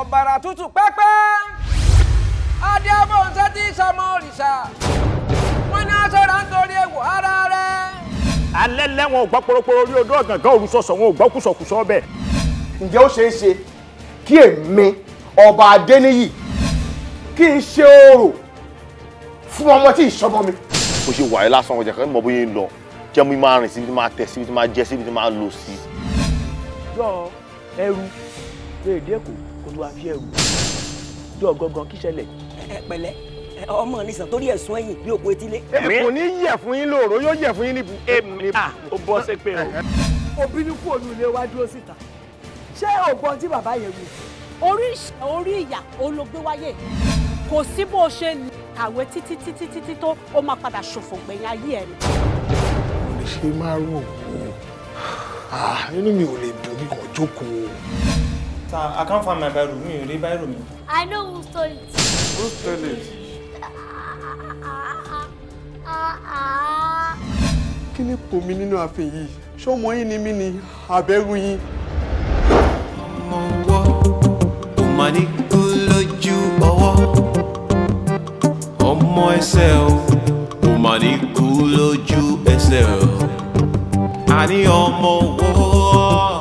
ọ̀bàrà tútù pẹ́pẹ́ adé abọ́nsẹ́ tí sọmọ òrìṣà wọ́n ní aṣọ́ra nítorí ewu ara rẹ̀. alẹ́ lẹ́wọ̀n ò gbọ́ poroporo orí odó ọ̀gàngán òrùsọ̀sọ̀ wọn ò gbọ́ kùsọ̀kùsọ̀ ọbẹ̀. ǹjẹ́ ó ṣeé ṣe kí èmi ọba adéníyì kí n ṣe orò fún ọmọ tí ìṣọmọ mi. bó ṣe wà á lásán ọjà kan mọ bóyá ń lọ jẹ́ mi máa rìn síbi tí máa tẹ̀ síbi tí máa jẹ síbi tí máa lò sí. yọ ẹrù lè dé olúwa fi ẹrù jọ gangan kí ṣẹlẹ̀. ẹ pẹ̀lẹ́ ọmọ nìsàn torí ẹsùn ẹ̀yìn bí òkú etílé. kò ní yẹ fún yín lóòró yóò yẹ fún yín níbu. èmi à ó bọ́ sépè o. òbí ní kú òun ilé wa dúró síta ṣé ògbọ́n tí bàbá yẹn wù. orí orí ìyà olóògbé wáyé kò sí bó o ṣe kàwé títí títí títí tó ó máa padà ṣòfò gbẹ̀yìn ayé ẹ̀ ni. mo lè ṣe máa rún òkú ah, inú mi ò lè dùn bí kò jókòó. I can't find my Bible. Me, read Bible me. I know who stole it. Who stole it? Kí ni kò mí nínú ààfin yìí? Ṣọ́mọ yín ni mí ni àbẹ̀rù yín. Ọmọ ọwọ́ kò máa ní kú lójú ọwọ́. Ọmọ ẹsẹ̀ o kò máa ní kú o. Àní ọmọ ọwọ́.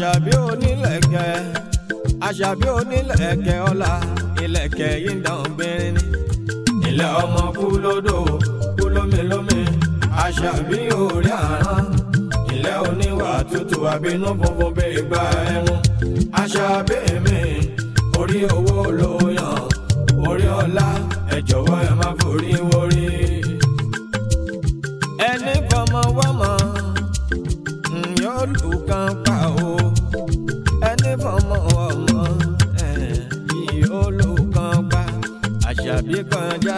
àṣàbí onílẹ̀kẹ̀ àṣàbí onílẹ̀kẹ̀ ọlá ìlẹ̀kẹ̀ yìí ń dán ni. ilẹ̀ ọmọ kú lódò kú lómìlómì àṣàbí orí àrán ilẹ̀ oníwà tútù àbínú funfun bí igba ẹnu àṣàbí mi orí owó ló yàn orí ọlá ẹ jọ̀wọ́ ẹ má forí wọrí.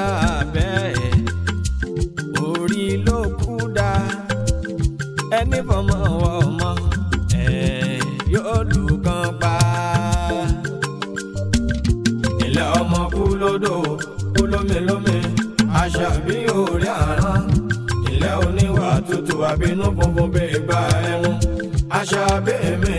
lábẹ́ ẹ̀ orí ló kú dá ẹni fọmọ wọ ọmọ ẹ̀ yóò lùkàn pa. ilé ọmọ kú lódò kú lómelómi aṣọ àbí orí àrán ilé oníwà tútù àbínú funfun bẹ́ẹ̀ gba ẹ̀wọ̀n aṣọ àbí mi.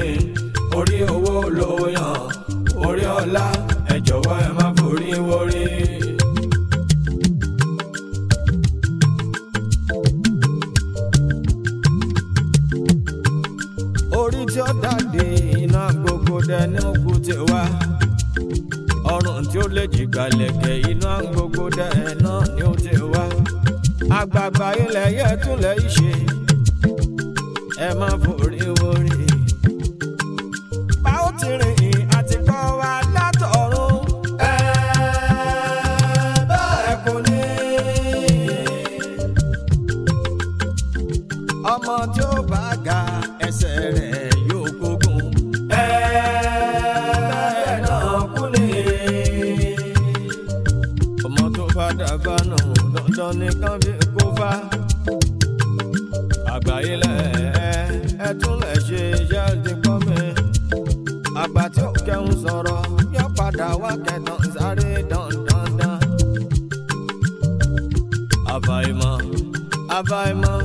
àbàìmọ̀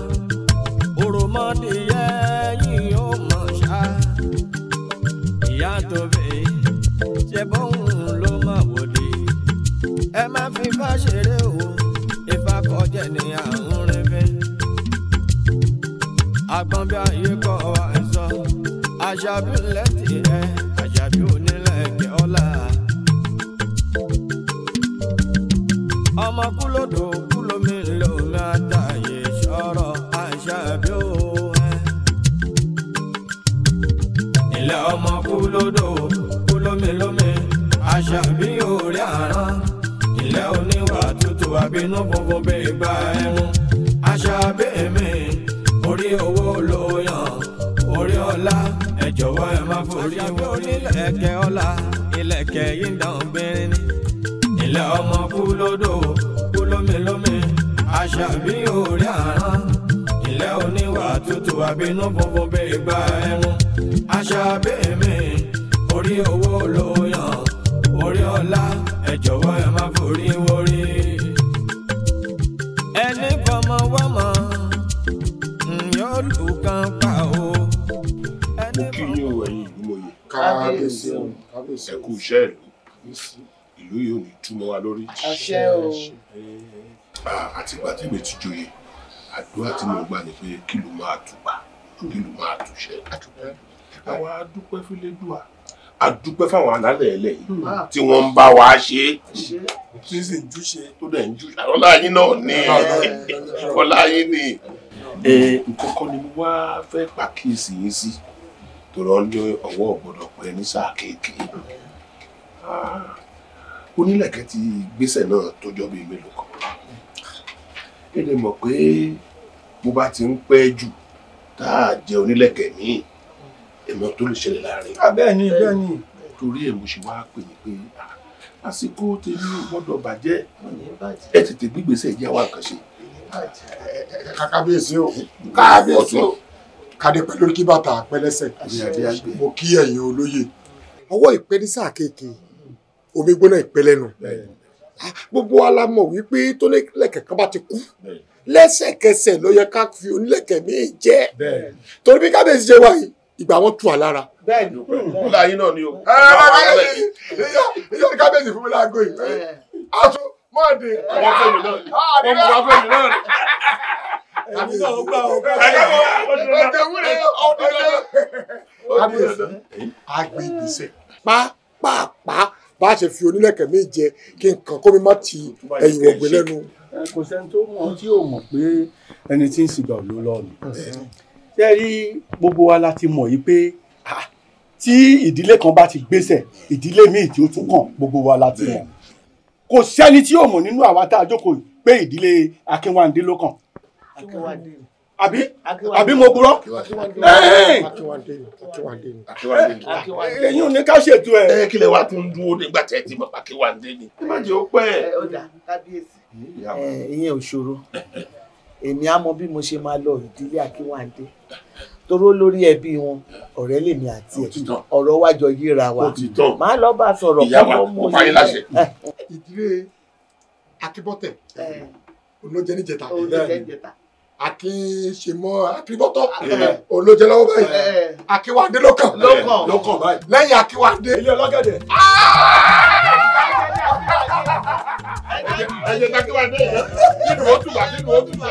òròmọdìyẹ yìí ó mọ̀ ṣá ìyá tó bẹ̀ ṣe bóun ló mọ̀ wòde ẹ má fi bá ṣeré o Ifá kọjá ní àrùn rẹ̀ fẹ́ agbọ́n bí ayé kọ́ wa àṣà bí lẹ́nu. lódò kú lómelómi àṣàbí òré àrán ilẹ̀ oníwà tútù àbínú funfun bí ìgbà ẹnu àṣàbí mi orí owó ló yàn orí ọlá ẹ jọ̀wọ́ ẹ má forí wọn ilẹ̀kẹ̀ ọlá ilẹ̀kẹ̀ yìí ń dàn gbẹrin ni ilẹ̀ ọmọ kú lódò kú lómelómi àṣàbí òré àrán ilẹ̀ oníwà tútù àbínú funfun bí ìgbà ẹnu àṣàbí mi orí owó ló yàn orí ọlá ẹ jọ̀wọ́ ẹ má forí wọrí. ẹni fọmọ wọmọ yóò lù kan pa o. mo kí yín o ẹ̀yin ìgbìmọ̀ye kábíyèsí ẹ kú iṣẹ́ ìlú ìlú yìí ò ní túmọ̀ wa lórí. àṣẹ o. àtìgbà tí mi ti joyè àdúrà tí mo gbà ni pé kí ló máa tùbà kí ló máa tùṣẹ. àwa dúpẹ́ fílẹ̀ dùà adúpẹ́ fáwọn alálẹ̀ ẹlẹ̀ hmm. tí wọ́n ń bá wa ṣe tí sì ń júṣe tó dẹ̀ ń júṣe ọlá yín náà ni ọlá yín ni nǹkan kan ni mo wá fẹ́ pàkíyèsí yín sí tọrọ ní ọwọ́ ọ̀gbọ́dọ̀ pẹ́ ní sáà kéékèé onílẹ̀kẹ́ ti gbésẹ̀ náà tọjọ́ bíi mélòó kan ẹ lè mọ̀ pé mo bá ti ń pẹ́ jù tá a jẹ onílẹ̀kẹ̀ míì èèmọ̀ tó lè ṣẹlẹ̀ láàrin. bẹ́ẹ̀ ni bẹ́ẹ̀ ni. torí ẹ̀ mo ṣe wá pè mí pé àsìkò ah, tèmi ò gbọ́dọ̀ bàjẹ́ ẹ tètè gbígbèsè ìjẹ́ wa kàn ṣe. kábíyèsí o kábíyèsí o kàdé pẹ̀lú kí bàtà pẹ́lẹ́sẹ̀ mo kí ẹ̀yin olóye ọwọ́ ìpẹ́nísà kéèké omi gbóná ìpẹ́lẹ́nu ah, gbogbo wa la mọ̀ wípé tó lẹ́kẹ̀ẹ́ ti kú lẹ́sẹ̀kẹsẹ̀ ló ká fi onílẹ̀kẹ̀ míì jẹ́ torí bí kábíyèsí ṣe wáyé ìgbà wọn tù á lára. bẹ́ẹ̀ni kúlà yín náà ni o. ẹ ẹ ẹ ẹ kábíyèsí fún mi láago yìí. aṣọ mọ́ọ̀dé. ọmọ fẹ́mi náà ni ọmọ wa fẹ́mi náà ni. Àbí náà ó gbà ó gbà. Ọ̀dẹ̀ wúlẹ̀ ọ̀dẹ̀ náà. Kábíyèsí àgbè ìgbésẹ̀. Pápápá bá a ṣe fi onílẹ̀kẹ̀ méje kí n kàn kó mi má ti ẹ̀yìn ọ̀gbẹ́ lẹ́nu. Kò sẹ́ni tó mọ̀ tí yóò mọ̀ pé ẹni tí ń sìgbà ló lọ́ọ̀nù tẹ́rí gbogbo wa la ti mọ̀ yìí pé tí ìdílé kan bá ti gbéṣẹ̀ ìdílé míì tí ó tún kàn gbogbo wa la ti mọ̀ kò sẹ́ni tí yóò mọ̀ nínú àwa tá a jókòó pé ìdílé Akínwándé ló kàn àbí àbí mo gbúrọ́ ẹ̀yin ò ní ká ṣètò ẹ̀. ẹ kílẹ̀ wá tún dúró nígbà tẹ́ ti bàbá Akínwándé ni. ẹ má jẹ́ ó pẹ́ ìyẹn ò ṣòro èmi á mọ bí mo ṣe máa lọ ìdílé akínwáńdé toró lórí ẹbí wọn ọ̀rẹ́ lèmi àti ẹ ọ̀rọ̀ wa jọ yíra wa máa lọ bá sọ̀rọ̀ kọkọ mú mi. ìdílé akíbọ̀tẹ̀ olójẹ níjẹta akínṣemọ akíbọ̀tọ̀ olójẹ lọ́wọ́ báyìí akínwáńdé lọ́kàn lọ́kàn báyìí lẹ́yìn akínwáńdé ilé ọlọ́gẹ̀dẹ̀. Ah! ẹyẹ takiwa dé yẹ nínú otu bá nínú otu bá.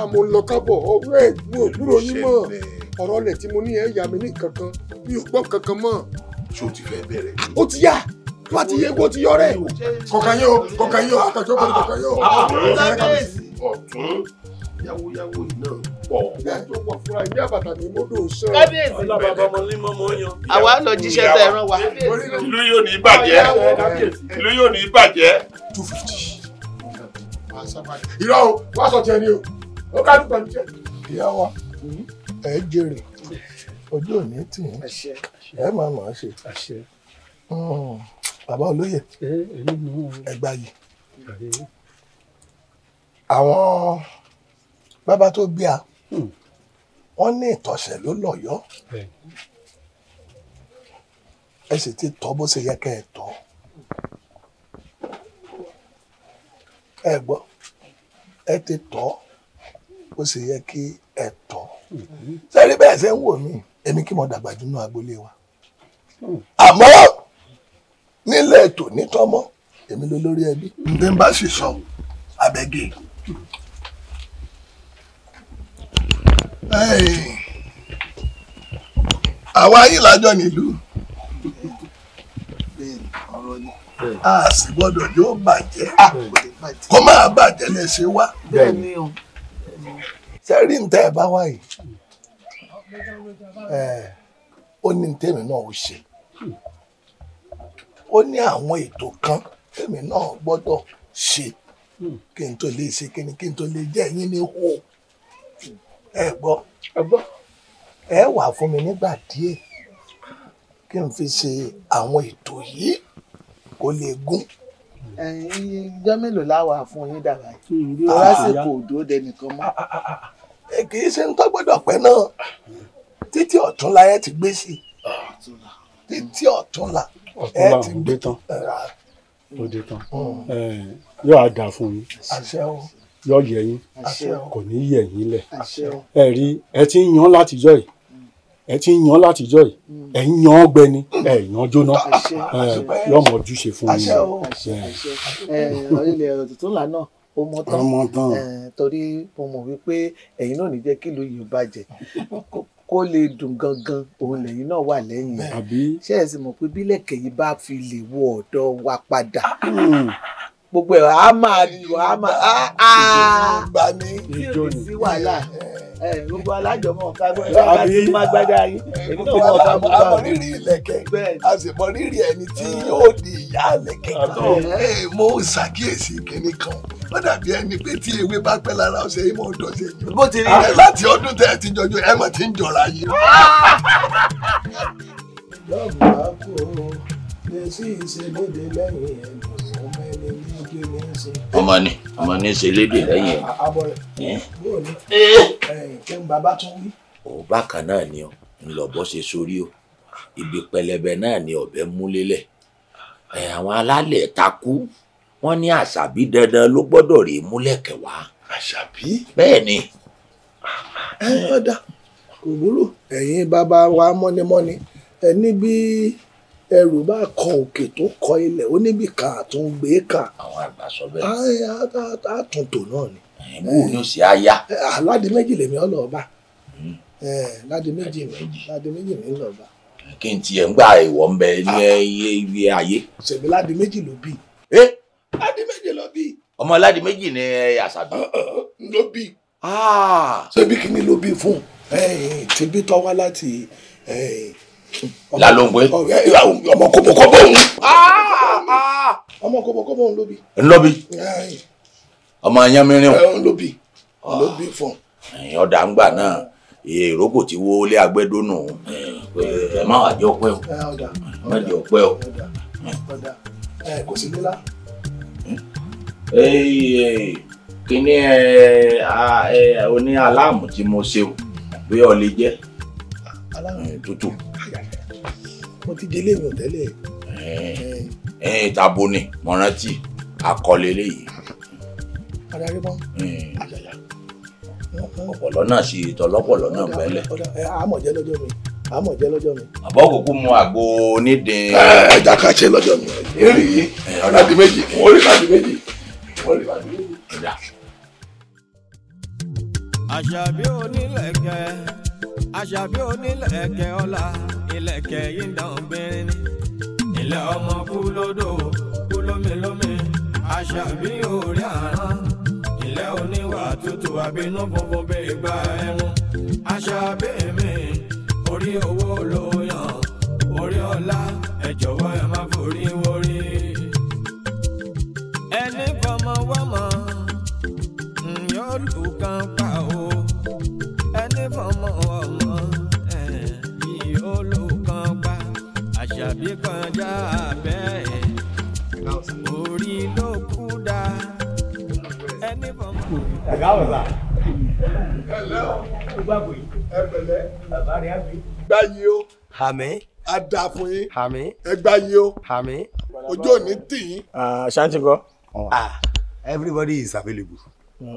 àmọ́ lọ kábọ̀ ọ̀rẹ́ ẹ̀gbọ́n òkúrò yín mọ̀ ọ̀rọ̀ rẹ̀ tí mo ní ẹ̀ yà mí ní kankan mi ò gbọ́ kankan mọ́. ṣé o ti fẹ́ bẹ̀rẹ̀. ó ti yá wá ti yé gbó ti yọ rẹ̀. kọ̀kan yóò kọ̀kan yóò akàjọ́ kọ̀kan yóò. ọ̀tún yáwóyáwó náà pọ̀ ìdájọ́ wà fúnra ẹ̀mí àbàtà ni mọ́dọ̀ sọ. kábíyèsí bàbá ọmọ ní mọ́mọ́ yan. àwa lọ jíṣẹ́ tẹ ẹran wa. ìlú yóò ní bàjẹ́ ìlú yóò ní bàjẹ́. two fifty. irọ́ o wá sọ tiẹ̀ ni o ó ká dùn pẹ̀lú tiẹ̀. ìyá wa ẹ jèrè ojú òní tì í ẹ máa máa ṣe. Hmm. bàbá olóyè eh, ẹgbàá yìí àwọn bàbá tó gbé a hmm. wọ́n ní ìtọ̀sẹ̀ ló lọ̀yọ́ ẹ sì ti tọ́ bó ṣe yẹ kẹ́ ẹ tọ́ ẹ gbọ́ ẹ ti tọ́ bó ṣe yẹ kí ẹ tọ́ sẹ́rí hmm. bẹ́ẹ̀ ṣe ń wò mí èmi kí mo dàgbà jù nínú agboolé wa hmm. àmọ́ nílẹ̀ tòní tọ́mọ́ èmi ló lórí ẹbí ǹdẹ́ bá sì sọ abẹ́gẹ́. àwa yìí lájọ nílùú a sì gbọ́dọ̀ yóò bàjẹ́ ah. kó máa bàjẹ́ lè ṣe wá sẹ́rí níta ẹ̀ bá wá yìí ó ní tèmi náà ó ṣe ó ní àwọn ètò kan tèmi náà gbọ́dọ̀ ṣe kí n tó lè ṣe kí n tó lè jẹ́ ẹ̀yìn ní hó ẹ gbọ́ ẹ wà fún mi nígbà díẹ̀ kí n fi ṣe àwọn ètò yìí kó lè gún. ìjọ mélòó láwà fún yín dàgbà yìí lásìkò òdó dẹnìkan mọ́. kì í ṣe ń tọ́gbọ́dọ̀ pẹ́ náà títí ọ̀túnla ẹ ti gbé sí i títí ọ̀túnla ẹ ti gbé tán. ó dé tán hmm. yóò á dà fún yín. àṣẹ o yọ yẹ yín kò ní yẹ yín lẹ̀ ẹ rí ẹ ti ń yan látijọ́ yìí ẹ ti ń yan látijọ́ yìí ẹ ń yan ọ̀gbẹ́ni ẹ yan jóná yọ mọ ojúṣe fún yín. ilẹ̀ tuntun lànà ó mọ tán torí mo mọ̀ wípé ẹ̀yin náà ní jẹ́ kí ìlú yìí bàjẹ́ kó lè dùn gangan òun lẹ́yìn náà wà lẹ́yìn ṣe é sì mọ̀ pé bílẹ̀kẹ̀ yìí bá fi lè wọ ọ̀dọ̀ wa padà hmm gbogbo ẹ̀ á máa dùn á máa á gbà mí tí o lè sí wàhálà gbogbo alájọmọ ọ̀ka gbogbo alájọ má gbádá yín èmi náà mọ ọ̀ka mọ ọ̀ka rírì ìlẹ̀kẹ̀ a sì mọ rírì ẹni tí yóò di ìyá ìlẹ̀kẹ̀ kan mo ṣàkíyèsí kínní kan ó dàbí ẹni pé tí ewé bá pẹ́ lára ọ̀sẹ̀ yìí mọ̀ ọ̀dọ̀ ṣe jù. bó ti rí rẹ láti ọdún tẹ ẹ ti jọjọ ẹ mọ̀ ti ń jọra yìí. lọ́ọ̀bù bá kú o lè sí ìṣèlóde lẹ́yìn ẹ̀ lọ́sọ̀ọ́ mẹ́rin ọmọ ni ọmọ ni ṣe lédè lẹ́yìn ẹ̀. ò bákan náà ni ọ ńlọbọ ṣe sórí o ibi pẹlẹbẹ náà ni ọ̀bẹ múlélẹ̀ àwọn alálẹ̀ takú wọ́n ní àṣàbí dandan ló gbọ́dọ̀ rèé múlẹ̀kẹ̀ wá. àṣàbí. bẹ́ẹ̀ ni. ẹ ẹ ọ̀dà kò burú ẹ̀yin bàbá wa mọ́nímọ́ní ẹ ní bí. Bi ẹrù bá kọ òkè tó kọ ilẹ̀ ó níbi kan àtúngbé kà. àwọn àgbà sọ bẹ́ẹ̀. àtúntò náà ni. ìbú ni ó sì á yá. aládé méjì lèmi ọlọ́ọ̀bá hmm. ládé méjì mi ládé méjì mi lọ́ọ̀bá. kí n tiẹ̀ ń gba ìwọ̀ ń bẹ ní ah. iye ayé. ṣèbí ládé méjì ló bí. ẹ ládé méjì ló bí. ọmọ ládé méjì ni àṣàbí. ló bí. Ah. ṣèbí kí ni ló bí fún. ṣèbí tó wá láti. lálóńgbé. ọmọ oh, um, kòbókòbó òun. Ah, ah, ah. ọmọ kòbókòbó òun ló bí. ló bí. ọmọ ayánmírín eh, òun. ló bí ló ń gbà náà wo eh, o eh, o. kò sí nílá. Hmm? kíní oní aláàmù tí mo se o ọ mo ti délé ìwọ̀n tẹ́lẹ̀. ẹ ẹ tabo ni mo rántí akọlẹ léyìí. adarí mọ àjàyà. ọ̀pọ̀lọ́ náà ṣe ètò ọlọ́pọ̀lọ́ náà pẹ́lẹ̀. àmọ̀jẹ́ lọ́jọ́ mi àmọ̀jẹ́ lọ́jọ́ mi. àbọ̀ kúkú mu àgbo onídìí. ẹja ká ṣe lọ́jọ́ mi. èrè yìí ọ̀làdì méjì wọ́n rí làdì méjì wọ́n rí làdì méjì. àṣàbí onílẹ̀kẹ̀ àṣàbí onílẹ̀kẹ̀ ọlá ìlẹ̀kẹ̀ yìí ń dán obìnrin ni. ilé ọmọ kú lódò kú lómìlómì àṣàbí orí àrán ilé oníwà tútù àbínú funfun bèrè gba ẹnu. àṣàbí mi orí owó ló yàn orí ọlá ẹ jọ̀wọ́ ẹ má forí wọrí. ẹni fọmọ wọmọ yóò lù kan pa. àṣàbí kọjá abẹ́ ẹ̀ orí ló kú dá ẹni bọ̀ mọ́. ẹ̀gá ọ̀la ẹ̀lẹ́ o ó bá bòye ẹ̀pẹ̀lẹ́ bàbá rẹ̀ á bí. gbáyé o. àmín. a dà fún yín. àmín. ẹ gbáyé o. àmín. ojú ò tì yín. Ah, ṣáàtì kọ. Ah, everybody is available. Uh,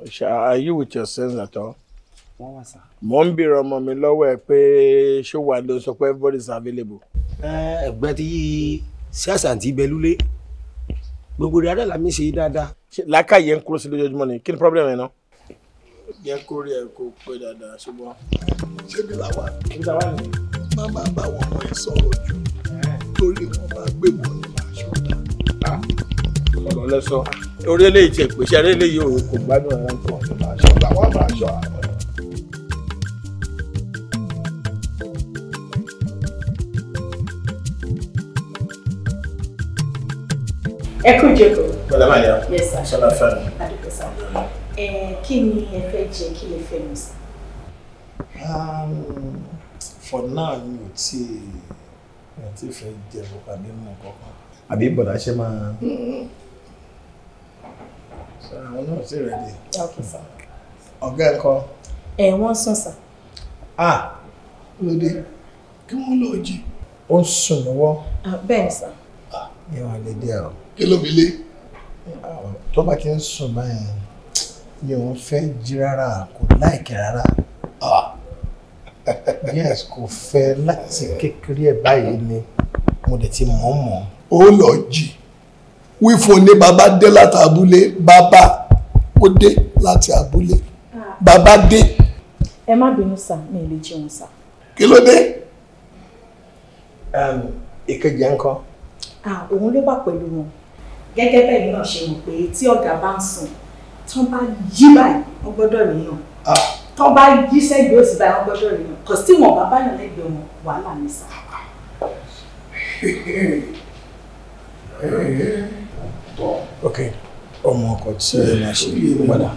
are you with your sense at all? wọ́n wà sá. mo ń bèrè ọmọ mi lọ́wọ́ ẹ pé ṣó wà ló sọ pé everybody is available. ẹgbẹ́ ti yí sí àṣàǹtì ìbẹ́lúlé gbogbo rẹ̀ adàlà mi ṣe dáadáa. làákàyè ń kúrò sí lójoojúmọ́ ni kí ni problem ẹ̀ náà. jẹ́ kó rí ẹ̀ kó pé dáadáa ṣùgbọ́n. ṣé bí làwa bí làwa ni. má má bá wọn mọ ẹ sọ̀rọ̀ jù torí wọn bá gbé wọn ní màṣọ́dá. Ah, ọ̀rọ̀ lẹ́sọ̀ orí eléyìí ti pèsè eléyìí òun kò gbádùn ẹ̀rọ nǹkan ọ̀sẹ̀ màṣọ́dá ẹ kú ìjókòó. bọ́lá máa yá sọlá fẹ́ mi. àdúgbò sá kí ni ẹ fẹ́ jẹ kí lè fẹ́ mi sí. Um, for now mi ò tí mi ò tí fẹ́ jẹ bọ́kà mi mú kankan. àbí bọ̀dá ṣe máa. sọ àwọn náà ti rẹ̀ dé. ọ̀gá ẹ̀ kọ́. ẹ̀ wọ́n sùn sà. ah lóde kí wọ́n lọ jí. ó ń sùn lọ́wọ́. Ah, bẹ́ẹ̀ ni sà. ìyẹn wà lédè ọ̀rọ̀ kí ló fi lé. tó bá ti ń sùn báyìí mi ò fẹ́ jí rárá kò láìkí rárá ah. yes kò fẹ́ láti kékeré ẹ̀ báyìí ni mo dẹ̀ ti mọ̀ mọ̀. ó lọ jì wí fún ní bàbá dé láti abúlé bàbá ó dé láti abúlé ah. bàbá dé. ẹ má bínú sá mi ò lè jẹun sá. kí ló dé. ìkejì ẹ ń kọ́. Ah, òun ló bá pẹ̀lú wọn gẹ́gẹ́ bẹ́ẹ̀ náà ṣe mọ̀ pé tí ọ̀gá bá ń sùn tán bá yí báyìí wọ́n gbọ́dọ̀ rí náà ah. tán bá yí sẹ́gbẹ̀ẹ́ òsì báyìí wọ́n gbọ́dọ̀ rí náà kò sí wọn bàbá yàn lẹ́gbẹ̀ẹ́ wọn wàhálà ní sá. ok ọmọ ọkọ tí ẹ máa ṣe padà.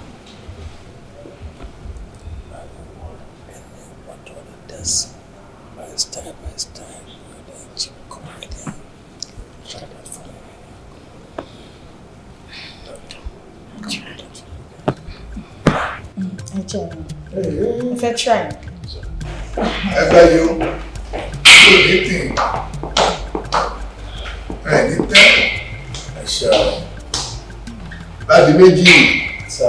By step by step. jẹun mm-hmm. mo try. ẹ bá yọ kó ní tì ẹ ní tẹ ẹ ṣe ọ láti méjì sá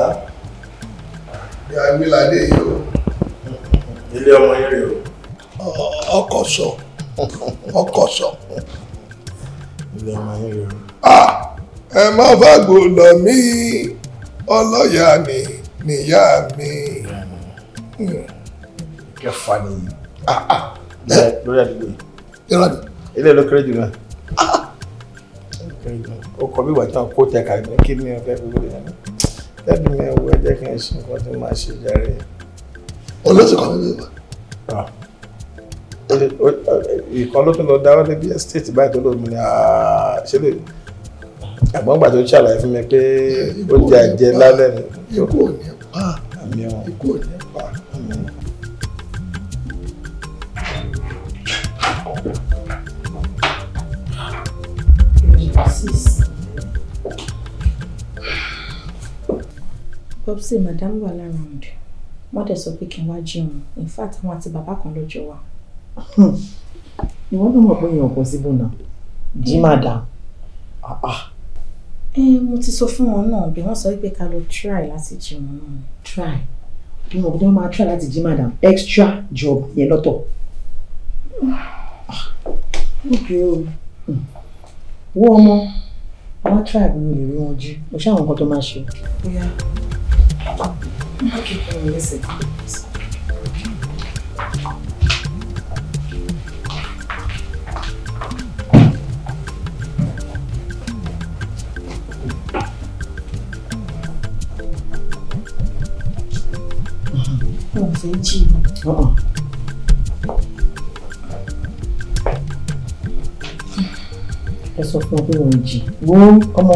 ní agbéládé yìí o ilé ọmọ yẹn rèé o. ọkọ sọ ọkọ sọ. ilé ọmọ yẹn rèé o. ẹ má fàgbọ́ lọ mí ọlọ́yà ni níyà mi àǹfààní yìí. Ah, ah. lórí àdúgbò yìí. irọ́ ni. ilé ló kéré jù náà. Ah, ó kọ bí wàtá kó tẹ ká ní kí ni o fi wọlé náà. lẹ́nu mi ẹ̀wọ̀ ẹ jẹ́ kí n ṣe nǹkan tí màá ṣe jàre. olóṣù kan nínú ìwà. ìkan ló tún lọ dáwọ́ níbi estate báyìí tó lómi ni ṣé lè àmọ́ gbà tó ṣàlàyé fún mi pé ó jẹ àjẹ lálẹ́ ni. ikú ò ní pa ikú ò ní pa. popsi madame wà láràùnd wọ́n dẹ̀ sọ pé kí n wá jí wọn in fact àwọn àti bàbá kan lọ́jọ́ wa. Hmm. ìwọ náà mọ̀ pé èèyàn kò síbò náà jí madam ah, ah. mo ti sọ fún wọn náà bí wọ́n sọ pé ká lọ try láti jí wọn náà. try bí wọn bí wọn máa try láti jí madam extra job yẹn lọ́tọ̀. ókè ah. o wo ọmọ wọn try bí mo lè rí wọn jí mo ṣe àwọn nǹkan tó máa ṣe. Okay, uh-uh. ẹ sọ fún ọ pé òun jì wó ọmọ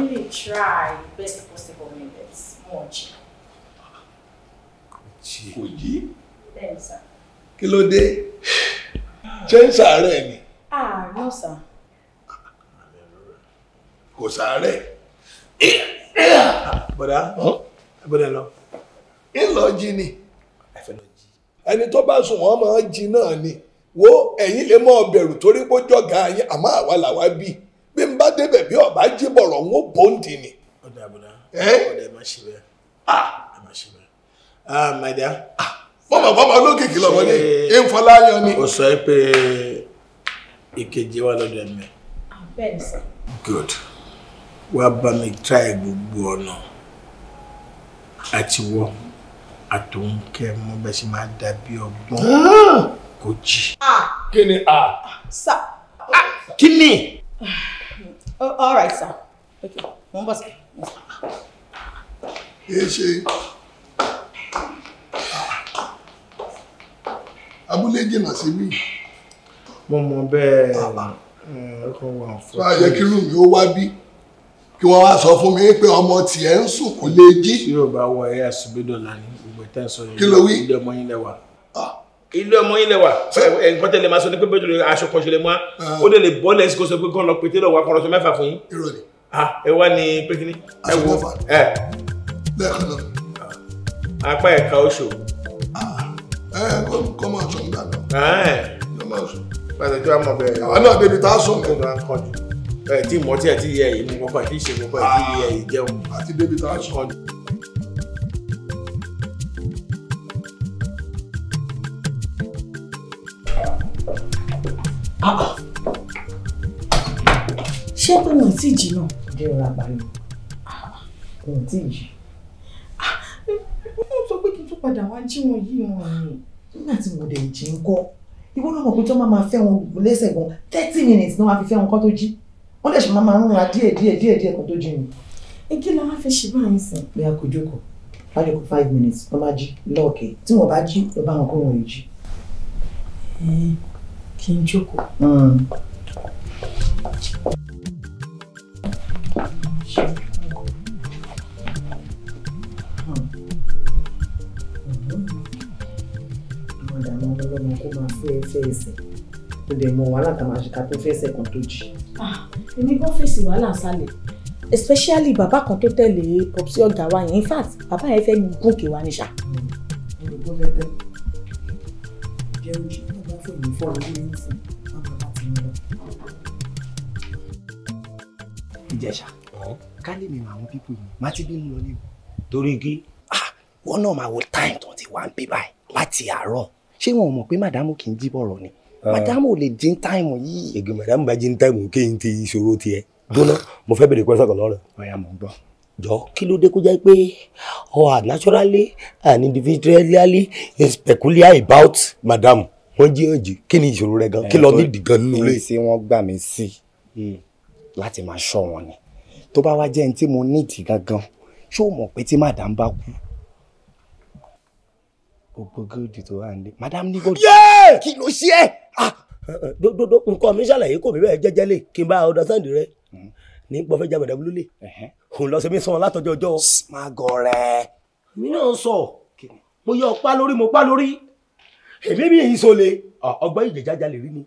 try the best possible methods. Wọ́n jí. Kò jí? Bẹ́ẹ̀ni sá. Kí ló dé? Ṣé ń sàárẹ̀ ni? Àárọ̀ ah, sá. Kò sàárẹ̀. Bọ̀dá, bọ̀dá lọ. Ìlọ jí ni. Ẹni tó bá sùn wọ́n máa ń jí náà ni. Wo ẹ̀yin lè mọ ọbẹ̀rù torí pójọ́ ga yín àmọ́ àwa làwa bíi bí n bá débẹ̀ bí ọba jí bọ̀rọ̀ ń ó bòǹdì ni. ọ̀dà àbùdá ọ̀dà ẹ̀ máa ṣe bẹ́ẹ̀ ẹ̀ máa ṣe bẹ́ẹ̀. ah my dear. mọ̀mọ́ mọ̀mọ́ olókìkí lọ́mọ ní ìfọláyọ ni. o sọ pé ìkejì wà lọ́dọ̀ ẹ̀mí. bẹ́ẹ̀ ni sọ. good wàá bá mi try gbogbo ọ̀nà àti wọ àtòun kẹ mọ bẹ ṣe máa dàbí ọgbọ́n ah! kò jì. kí ni a. sa. kí ni. Ah! Oh, all right, sir. Okay, mo ń bọ̀ sá. Ẹ ṣe. Abúlé jìnnà sí mi. Mo mọ bẹ́ẹ̀ ọkàn eh, wà fún. Sọ àjẹ́ kí rúmi ó wá bí kí wọ́n wá sọ fún mi pé ọmọ tiẹ̀ ń sùn kò lè jí. Tí yóò bá wọ ẹ̀yà Sùbídọ̀lá ní gbogbo ìtẹ́sọ̀ yìí. Kí ló wí? Ilé ọmọ yín lẹ́wà. Ah ilé ọmọ yín lẹwà nǹkan tẹ́lẹ̀ máa sọ ní pé bẹ́ẹ̀ jùlọ aṣọ kan ṣẹlẹ̀ mọ́ ah. ó lè lè bọ́ lẹ́sìn kó sọ pé kán lọ pété lọ wà kán lọ sọ mẹ́fà fún yín. Ah, ẹ wá ní pékinní. aṣọ mẹ́fà lẹ́ẹ̀kan ah, náà. apá ẹ̀ka oṣù. ẹ kọ́ máa sọ nígbà náà. kọ́ máa sọ. pàṣẹ tí wàá mọ bẹ́ẹ̀. àwọn náà débi tá a sọ nǹkan. nǹkan kan jù ẹ tí mọ tí ẹ ti yẹ ìmú kọkọ àti ìṣègùn kọkọ àti ìjẹun. àti débi tá a sọ. ṣé pé wọn ò tí ì jí náà. jẹ́ ìrora àbáyọ wọn ò tí ì jí. wọ́n sọ pé kí n tún padà wá jí wọn yìí wọn ni nígbà tí mo dẹ̀ jí ń kọ́ ìwọ náà mọ̀ pé tó máa máa fẹ́ wọn lẹ́sẹ̀ gan thirty minutes ni wọ́n á fi fẹ́ wọn kọ́ tó jí wọ́n lẹ̀ ṣe máa máa ń rúnra díẹ̀ díẹ̀ díẹ̀ díẹ̀ kan tó jí ni. igi la wá fẹ́ ṣe báyìí sìn. bí a kò jókòó lájọ kó five minutes wọ́n máa jí lọ́ọ̀kẹ́ tí wọ́n bá jí lọ́ bá wọn kó wọn yìí jí kí n jókòó. ọmọ kó máa fẹ́ fẹ́ ẹsẹ̀ ó dẹ̀ mọ wàhálà tá a ah, máa ṣe ká tó fẹ́ ẹsẹ̀ kan tó jì. èmi kò fèsì wàhálà sálẹ̀ especially bàbá kan tó tẹ̀lé popsi ọ̀gá wa yẹn in fact bàbá yẹn fẹ́ gòkè wa níṣà. Mm. olùkọ́ fẹ́ tẹ́ jẹ́ ojú bàbá fún mi fún mi Ìjẹ̀ṣà ká lè mìíràn àwọn pípò yìí má ti bínú lọ ní o. torí kí. Ah, wọn náà máa wo táìmù tó ti wá ń bí báyìí láti àárọ̀ ṣé wọn ò mọ̀ pé màdámù kì í jí bọ̀rọ̀ ni ah. màdámù ò lè dín táìmù yìí. ègè màdámù bá dín táìmù kí n ti ìṣòro tiẹ̀ gbóná mo fẹ́ bèrè pẹ́sàkọ̀ lọ́rọ̀. ọ̀ya mọ̀ ń gbọ́ jọ kí ló dé kó jẹ́ pé ọ are naturally and individually especially about madam wọ́n jí ọ̀jì kí ni ìṣòro rẹ gan kí lọ nídìí gan nínú ilé. èyí ṣe wọ́n gbà mí sí i hmm láti máa ṣọ́ wọn ni tó bá wá jẹ́ ní tí mo nídìí gangan ṣó mọ̀ pé tí madam bá kú gbogbo góòdì tó wà ní madam ní góòdì kí ló ṣe é. dodo ah! nǹkan mi ṣàlàyé kò mí bẹ́ẹ̀ jẹ́jẹ́lẹ̀ kí n bá understand rẹ hmm. ní pọfẹ́ jẹ́ madam lulẹ̀ òun lọ sí mi sàn látọjọ́ ọjọ́. má gọrẹ. mi náà sọ mo yọ ọpá lórí mo pá lórí èmi mi ìsọlẹ ọgbọ́n ìjẹ̀jájà lè rí mi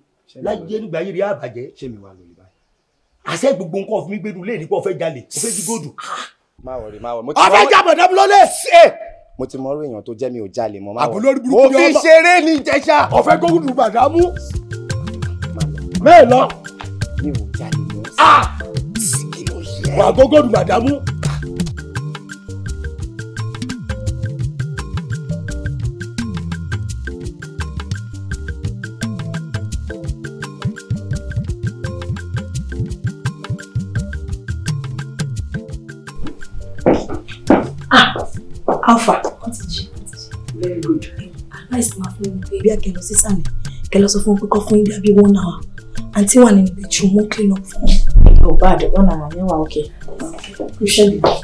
láyé nígbà yìí rí àbàjẹ́. ṣé mi wà lórí àṣẹ gbogbo nǹkan ọ̀fun mi gbẹdùn lé nípa ọ̀fẹ́ jalè ọ̀fẹ́ jí góòdù. má wọrí má wọrí. ọ̀fẹ́ jàbọ̀ dábúlọ́lẹ̀. mo ti mọ ọ̀rọ̀ èèyàn tó jẹ́ mi ò jalè mọ́ má wọrí. àbúlórí burúkú ni ọba mo fi ṣeré ní ìjẹsà. ọ̀fẹ́ góòdù bàdámú. mẹ́ẹ̀ lọ. mi ò jalè mọ́. Ah! wà gógóòdù bàdámú. alpha. wọ́n ti jí wọ́n ti jí. very good. advice máa fún mi pé bí a kẹlọ sí sàlẹ̀ kẹlọ sọ fún mi pé kọ́ fún ibi àbí one hour àǹtí wà clean up fún mi. ọba àdìgbọ́n náà ní wà ókè. appreciate it.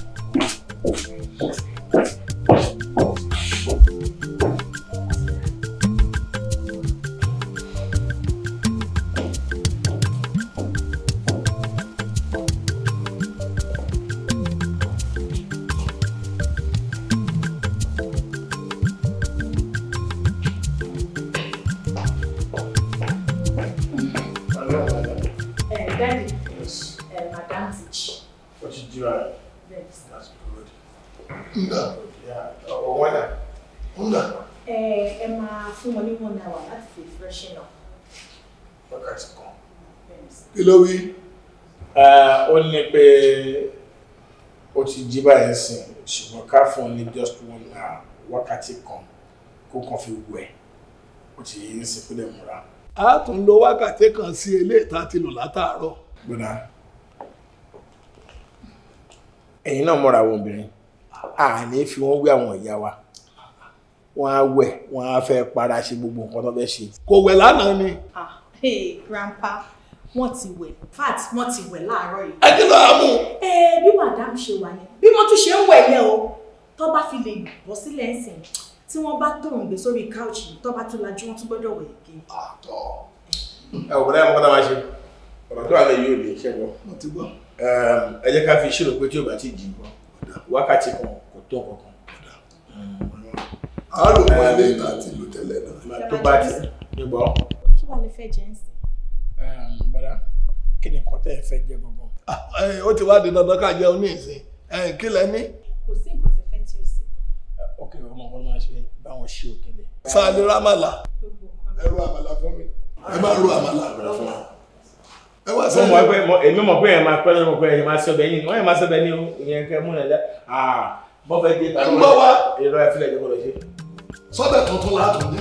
ẹ̀sìn ṣùgbọ́n ká fún un ní just one hour wákàtí kan kó kàn fi wẹ̀ ó ti yí sí kó lè múra. a tún lo wákàtí kan sí eléyìí tá a ti lò látàárọ̀. gbọ́dọ̀ ẹ̀yin náà mọ́ra àwọn obìnrin àní fi wọ́n wé àwọn ìyá wa wọ́n á wẹ̀ wọ́n á fẹ́ para ṣe gbogbo nǹkan tó fẹ́ ṣe. kò wẹ̀ lánàá ni. ah hey grandpa wọ́n ti wẹ̀ fact wọ́n ti wẹ̀ láàárọ̀ yìí. ẹni lọ àmú. ẹ bí madam ṣe wà yẹn bí wọ́n tún ṣe ń wẹ̀ yẹn o tó bá fi lè bọ́ sílẹ̀ ẹ̀sìn tí wọ́n bá tóun gbé sórí couch tó bá tún lajú wọ́n tún gbọ́dọ̀ wẹ̀ kí. àtọ ah, ẹ ò bọ́dá ẹ mọ́kànlá máa ṣe ọ̀rọ̀ tó wà lẹ́yìn yóò lè ṣẹ́gun. mo ti gbọ́. ẹ jẹ́ ká fi ìṣirò pé tí o bá ti jì wákàtí kan kò tó kankan. àárò wọn lè ta ti lò tẹ́lẹ̀ náà. tó bá ti gbọ́. kí wàá lè fẹ́ jẹ́ ń sìn bọ́dá kí ni nǹkan tẹ́ ẹ fẹ́ jẹ gbogbo. Ah, eh, ó ti wá di dandan ká jẹun ní ìsìn eh, kí lẹ ní. kò sí nǹkan tẹ́ fẹ́ tí o sì. Eh, ok ọmọ ọmọ máa ṣe báwọn ṣe òkèlè. fàlẹ́ Ramala, ẹ ro àmàlà fún mi ẹ má ro àmàlà fún mi ẹ wá sẹ́yìn. mo mọ̀ pé èmi mọ̀ pé ẹ̀ máa pẹ́ lọ́wọ́ pé ẹ̀ máa sọ bẹ́ẹ̀ ni wọ́n yẹn máa sọ bẹ́ẹ̀ ni ìyẹn kẹ́ mú nàlẹ́ ah, bọ́fẹ́ dé tàbí ìrọ̀ ẹ̀ fílẹ̀ ìjọba lọ ṣe. sọ́dẹ̀ tuntun látùn dé.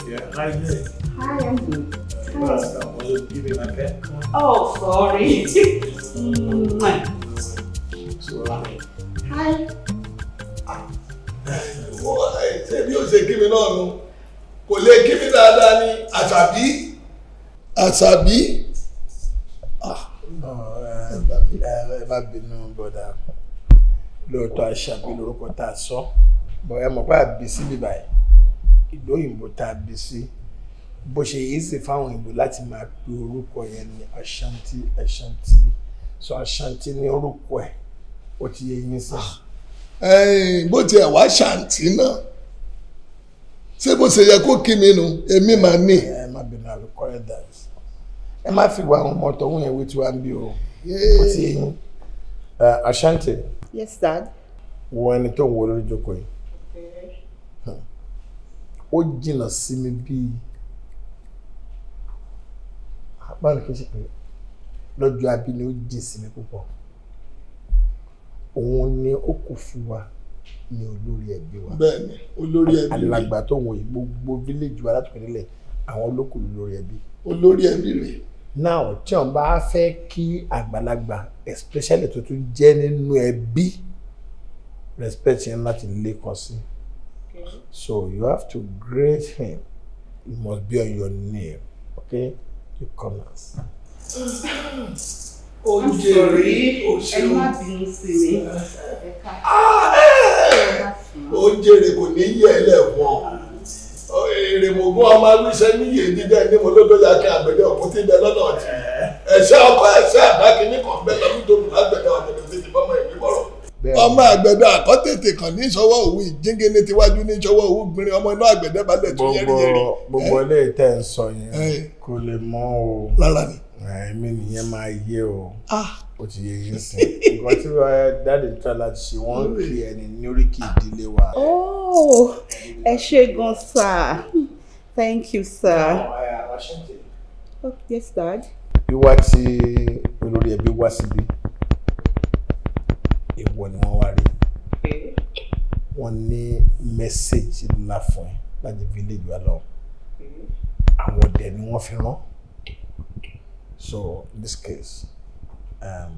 Yeah, how are you doing? Hi, I'm good. Last time, was it giving my pet? Oh, sorry. so, uh, Hi. Ẹbí ò ṣe kí mi no, nu, kò lè kí mi dáadáa ni àṣàbí. no, ah. Ẹ má no, bọ̀dà lóòótọ́ àṣàbí lórúkọ tá a sọ, bọ̀ ẹ mọ̀ pé àbí síbí báyìí ìlú òyìnbó tá a bí sí bó ṣe yìí sì fáwọn òyìnbó láti máa pe orúkọ yẹn ní Ashanti Ashanti so Ashanti ní orúkọ ẹ̀ ó ti yẹ yín sí. bó tiẹ̀ wá Ashanti náà ṣé bó ṣe yẹ kó kí mi nu èmi máa ní. ẹ má bínú àlùkò ẹ dà ẹ má fi wà àwọn ọmọ tọ̀hún yẹn wí tí wàá ń bí o ó ti yẹ yín. Ashanti. yes dad. wọ ẹni tó ń wo lórí yìí ó jìnnà sí mi bíi báwo kí n ṣe pé lọ́jọ́ abí ni ó jìn sí mi púpọ̀ òun ni ó kù fún wa ni olórí ẹbí wa bẹ́ẹ̀ni olórí ẹbí rẹ alàgbà tó wọn yìí gbogbo fílẹ̀jì wa látòkè nílẹ̀ àwọn olókùn olórí ẹbí olórí ẹbí rẹ. now tí wọn bá fẹ́ kí àgbàlagbà especially tó tún jẹ́ nínú ẹbí respect yẹn láti lé kan sí. Si So you have to grace him. It must be on your name. Okay? You come as. Ojèrè Ojèrè Ojèrè kò ní yẹ ẹlẹ́wọ̀n. Èrè mo gbọ́ ọmọ awíṣẹ́ níyè jíjẹ́ ní mo lódó ya kí àgbẹ̀dẹ ọmọ àgbẹ̀dọ̀ àkọ́tètè kan ní ìṣọwọ́ òwú ìjíngene tiwájú ní ìṣọwọ́ òwú gbìnrin ọmọ inú àgbẹ̀dẹ balẹ̀ tó yẹ́rì yẹ́rì. gbogbo ilé tẹ̀ ń sọ yẹn kò lè mọ o lára ni. èmi nìyẹn máa yé o o ah. ti yẹ yín sìn nǹkan tí wọ́n dáàdì tó láti ṣe wọ́n kì í ẹni ní oríkì ìdílé wa. Oh, ẹ ṣé gan sir thank you sir. Oh, yes dad. bí wá tí olórí ẹbí wá síbí ìwọ ni wọ́n wá rí wọ́n ní mẹ́sẹ̀gì ńlá fún ẹ láti village wa lọ àwọn ọdẹ ni wọ́n fi rán so in this case um,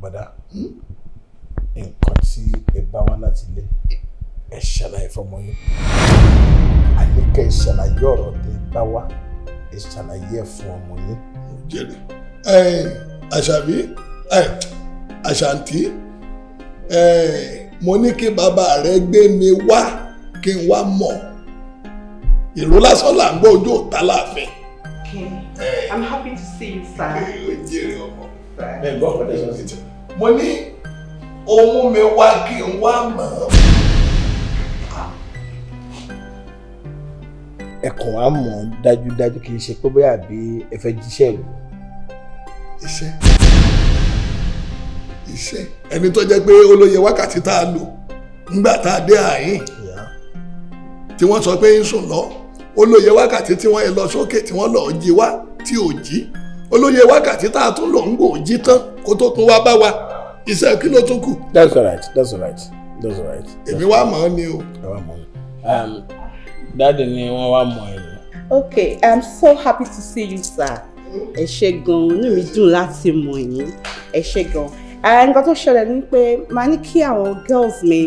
bàdá nǹkan tí ẹ bá wá láti lé ẹ ṣàlàyé fọmọ yín àníkẹ́ ìṣàlàyé ọ̀rọ̀ tẹ bá wá ẹ ṣàlàyé ẹ fún ọmọ yín. mo jẹ́rìí ẹ àṣàbí ẹ àṣàǹtí mo ní kí bàbá rẹ gbé mi wá kí n wá mọ̀ ìró lásán là ń gbọ́ ojú òta láàfin. I'm happy to see you sir. ojúrere ọmọ bẹ́ẹ̀ gbọ́ ọ̀pọ̀ tẹ̀sán sí ti. mo ní ohun mi wá kí n wá mọ̀ ọ́. ẹ̀kọ́ á mọ̀ dájúdájú kì í ṣe pé bóyá àbí ẹ fẹ́ jíṣẹ́ ìlú. iṣẹ́ iṣẹ́ ẹni tó jẹ́ pé olóye wákàtí tá a lò ńgbà tá a dé àyìn tí wọ́n sọ pé ń sùn lọ olóye wákàtí tí wọ́n yẹ lọ sókè tí wọ́n lọ jí wá tí ò jí olóye wákàtí tá a tún lò ń gbò jí tán kó tó tún wá bá wa iṣẹ́ kí ló tún kù. that's all right that's all right that's all right. èmi wá mọ̀ ọ́ ni o. Um, dáàdì ni wọ́n wá mọ̀ ẹ̀ lọ. okay i'm so happy to see you sir ẹ ṣé gan-an inú mi dùn láti mọ̀ yín ẹ ṣé gan-an nǹkan tó ṣẹlẹ̀ ni pé màá ní kí àwọn girls mi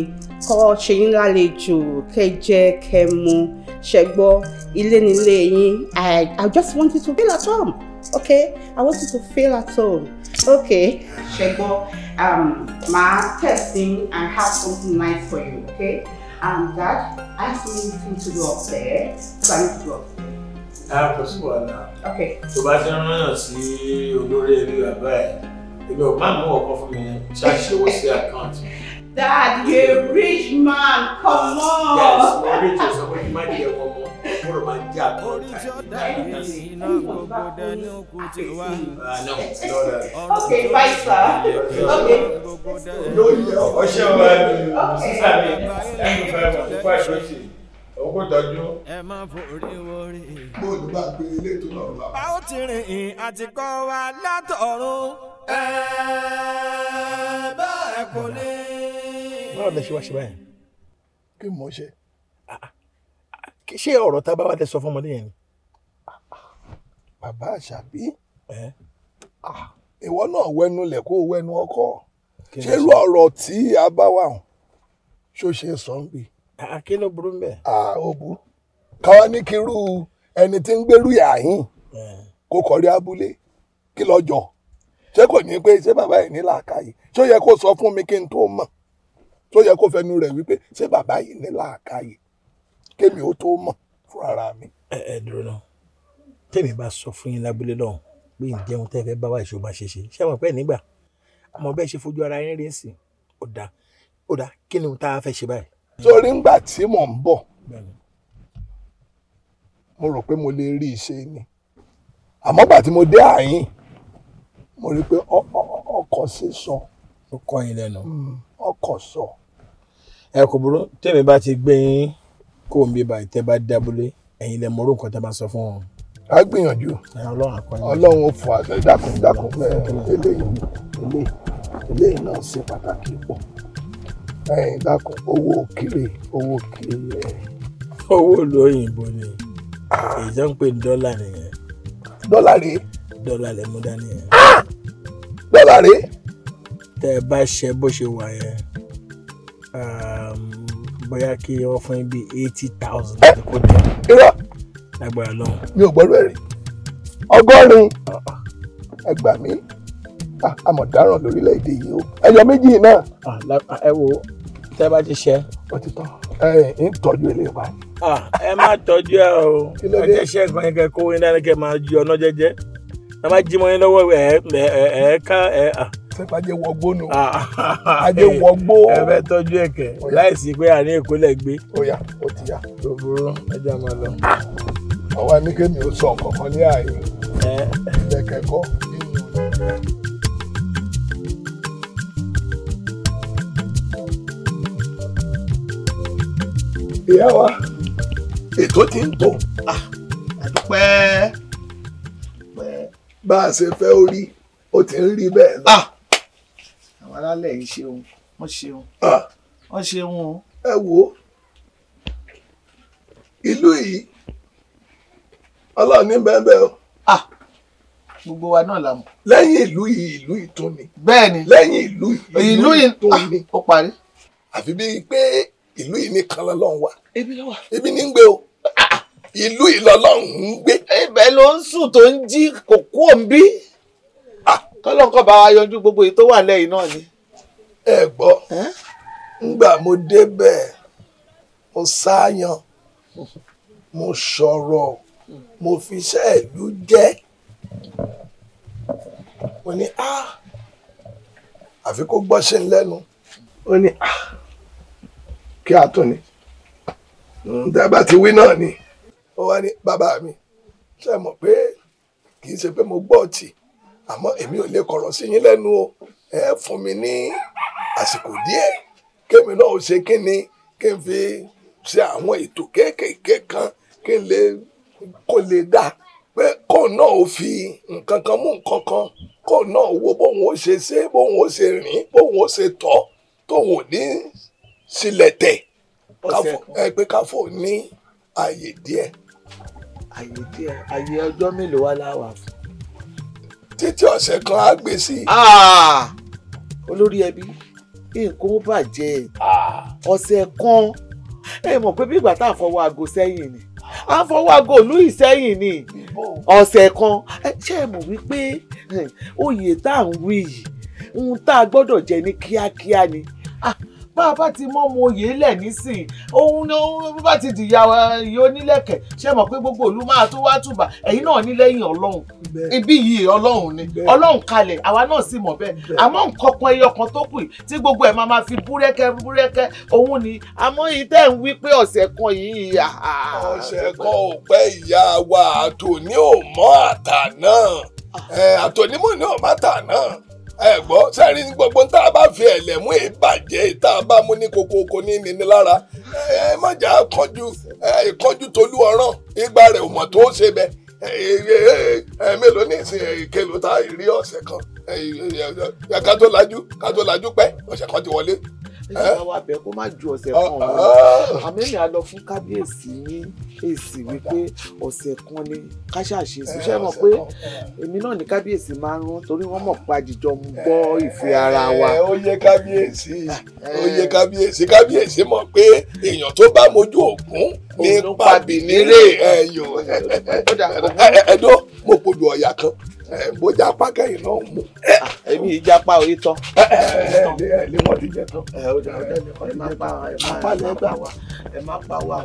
kọ́ ṣe yín lálejò kẹjẹ kẹmu ṣẹgbọ́ ilé nílé yín I I just want you to feel at home okay I want you to feel at home okay ṣẹgbọ́ um, màá testing and have something nice for you okay and um, dad I have something to do up there so I need to do up there. a ah, kò sí wàhálà tó bá ti rán yàn sí olórí ẹbí bàbá ẹ èmi ò má mú ọkọ fún mi ṣáṣe owó sí Dad, you're a rich man. Come on. Yes, my rich is somebody might be a woman. What about that? Okay, bye, sir. Okay. No, no. Ọṣẹ wa ni sísá mi ẹnu fẹ́ mọ̀ nípa ìṣòṣì. Owó tọ́jú. Ẹ máa forí wọrí. Bóòlù bá gbé ilé tó náà Báwo ti rìn àtikọ́ wa látọ̀run? ẹ bẹ́ẹ̀ kò ní. báwo lẹ ṣe wá ṣe báyìí. kí mò ń ṣe. Ah, ah, ṣé ọ̀rọ̀ tá a bá wá tẹ sọ fún ọmọdé yẹn ni. bàbá àṣàbí ah, ìwọ náà wẹnu lẹ kó wẹnu ọkọ ṣé irú ọ̀rọ̀ tí a bá wà hàn ṣó ṣe sọ ń bì. kí ló burú mbẹ. ó káwa ní kí irú ẹni tí ń gbèrú yàáyìn kó kọrí abúlé kí lọ jọ ṣé kò ní pé ṣé bàbá yìí ní làákàyè ṣó yẹ kó sọ fún mi kí n tó mọ̀ ṣó yẹ kó fẹnu rẹ̀ wípé ṣé bàbá yìí ní làákàyè kémi ó tó mọ̀ fún ara mi. ẹ ẹ dúró náà tèmi bá sọ fún yín lábúlé lọ́hùn pé ìjẹun tẹ́ fẹ́ bá wa ìṣòro máa ṣe ṣe ṣé àwọn pẹ́ nígbà àmọ́ bẹ́ẹ̀ ṣe fojú ara yín rí sí ó dá ó dá kí ni tá a fẹ́ ṣe báyìí. torí ngbà tí mò ń bọ̀ mo rò pé mo lè rí iṣẹ́ ni àmọ́ gbà tí mo dé àyín mo rí i pé ọkọ̀ sí sọ. ó kọ́ yín lẹ́nu. Hmm. Hmm. ọkọ̀ sọ. ẹ kò burú tèmi bá ti gbé yín kó n bí ba ìtẹ́ bá dábúlé ẹ̀yin lẹ mọ̀rọ̀ nǹkan tẹ́ bá sọ fún wọn. a gbìyànjú ọlọ́run ó fọ àgbẹ̀ dákun dákun eléyìí eléyìí eléyìí náà ṣe pàtàkì pọ̀ ẹ̀yin dákun owó òkèèrè owó òkèèrè ẹ̀. owó lóyìnbó ni èyí tó ń pè ní dọ́là nìyẹn. dọ́là rèé. dọ́là lẹ dání yẹn. Ah! bọ́lá rè é. tẹ ẹ bá ṣe bó ṣe wà yẹn um, bóyá kí wọ́n fún yín bíi eighty thousand láti kó jẹ. irọ́ lágbára lọ́hùn. mi ò gbọ́dọ̀ rí ọgọ́rin ẹ gbà mí àmọ̀dáràn ah, lórílẹ̀‐èdè yìí o ẹyọ méjì náà. Ah, ẹ wo tẹ bá ti ṣe. ó ti tọ ẹ ń tọjú ilé wa. Ah, ẹ má tọjú ẹ o ẹ ti ṣe nǹkan yẹn kẹ kó iná kẹ máa ju ọ̀nà jẹ́jẹ́ ẹ má jí mọ́ yín lọ́wọ́ ẹ ẹ ẹ ká ẹ. sẹ́pà jẹ́ wọgbó nù. ajé wọgbó. ẹ fẹ́ tọ́jú ẹ̀kẹ́ láìsí pé àní èkó lẹ̀ gbé. ó yá ó ti yá. tó burú ẹja máa lọ. ọwọ́ ẹni kémi ò sọ kankan ní ààyè. ìdẹ̀kẹ̀ kọ́ ìyá wa ètò ti ń tò. àdúpẹ́ bá a ṣe fẹ́ orí o ti ń rí bẹ́ẹ̀ lọ. Ah! àwọn alálẹ̀ yìí ṣeun wọ́n ṣeun ah! wọ́n ṣeun o. ẹ wo ìlú yìí ọlọ́ọ̀ni bẹ́ẹ̀ bẹ́ẹ̀ o ah! gbogbo wa náà la mọ̀. lẹ́yìn ìlú yìí ìlú ìtún ni. bẹ́ẹ̀ni lẹ́yìn ìlú yìí ìlú ìtún ni. ó parí. àfi bíi pé ìlú yìí nìkan lọ́wọ́ wa. ebi lọ́wọ́. ebi ní ń gbé o ìlú ìlọlọ́run ń gbé. ibẹ̀ ló ń sùn tó ń jí kò kú òǹbí. kọ́lọ́kọ́ bá wa yanjú gbogbo èyí tó wà lẹ́yìn náà ni. ẹ gbọ́ ngbà mo débẹ̀ mo sáyan mo sọ̀rọ̀ mo fi iṣẹ́ ìlú jẹ́ mo ní a àfi kó gbọ́ ṣe ń lẹ́nu ó ní a kí a tún ni tẹ́ bá ti wí náà ni ó wá ní bàbá mi ṣe mọ̀ pé kì í ṣe pé mo gbọ́ ọtí àmọ́ èmi ò lè kọ̀rọ̀ sí yín lẹ́nu o ẹ fún mi ní àsìkò díẹ̀ kémi náà ò ṣe kí ni kí n fi ṣe àwọn ètò kéékèèké kan kí n lè kó lè dá pé kó náà ò fi nǹkan kan mú nǹkan kan kó náà wo bóun ó ṣe ṣe bóun ó ṣe rìn bóun ó ṣe tọ́ tóun ò ní sílẹ̀ tẹ̀ pé káfọ́ ní ààyè díẹ̀ àyè tí ẹ àyè ọjọ́ mélòó wá láwà fún. títí ọ̀sẹ̀ kan á gbé sí. Ah! olórí ẹbí nǹkan ó bàjẹ́ ah! ọ̀sẹ̀ kan ẹ mọ̀ pé bí ìgbà tá à fọwọ́ aago sẹ́yìn ni à ń fọwọ́ aago ìlú ìsẹ́yìn ni ọ̀sẹ̀ kan ṣé ẹ mọ̀ wípé oyè tá à ń wí yìí ohun tá a gbọ́dọ̀ jẹ ní kíákíá ni. Kia, kia, ni bá a bá ti mọ́ mo oyè lẹ̀ nísìn òun ni òun bá ti dìyà iye eh, onílẹ̀kẹ̀ ṣe mọ̀ pé gbogbo òlu máa tó wá tùbà ẹ̀yin náà ní lẹ́yìn ọlọ́run ibi yìí ọlọ́run ni ọlọ́run kalẹ̀ àwa náà sì mọ̀ bẹ́ẹ̀ àmọ́ nǹkan kan ẹyọ kan tó kù tí gbogbo ẹ̀ máa fi búrẹ́kẹ́ búrẹ́kẹ́ òun ni àmọ́ ìtẹ́ ń wí pé ọ̀sẹ̀ kan yìí ọ̀sẹ̀ kan ò pẹ́ ìyá wa àtòní ò mọ́ àtà náà ah. eh, àtòní mọ̀ ní ọ̀mátà náà ẹ gbọ́ sẹ́rí gbogbo tá a bá fi ẹ̀lẹ̀ mú ìbàjẹ́ tá a bá mú ní kokoko ní nínú lára ẹ má jà á kánjú ìkánjú tolú ọ̀ràn ìgbà rẹ̀ ò mọ̀ tó ṣe bẹ́ẹ̀ mélòó ní ìsìn ìkẹlò tá a rí ọ̀sẹ̀ kan ká tó lajú ká tó lajú pẹ́ ọ̀sẹ̀ kan ti wọlé nígbà wà bẹ́ẹ̀ kó má ju ọ̀sẹ̀ kan ọ̀hún àmẹ́mí a lọ fún kábíyèsí ní èsì wípé ọ̀sẹ̀ kan ni káṣáṣe sùn ṣe mọ̀ pé èmi náà ní kábíyèsí máa ń rún torí wọ́n mọ̀ pé àjìjọ ń gbọ́ ìfẹ́ ara wa. ó yẹ kábíyèsí ó yẹ kábíyèsí kábíyèsí mọ̀ pé èèyàn tó bá mójú òkun ní pàbí nílé ẹ̀yọ́ ẹ̀dọ́ mo podò ọ̀yà kan bó eh, japa kẹyìn náà mú. Ah, èmi ìjapa orí tán. ẹ ẹ lé wọn ti jẹ tán. ẹ eh, ó dà ó dà eh, ẹ má pa ẹ má pa lẹgbàá wa ẹ má pa wa.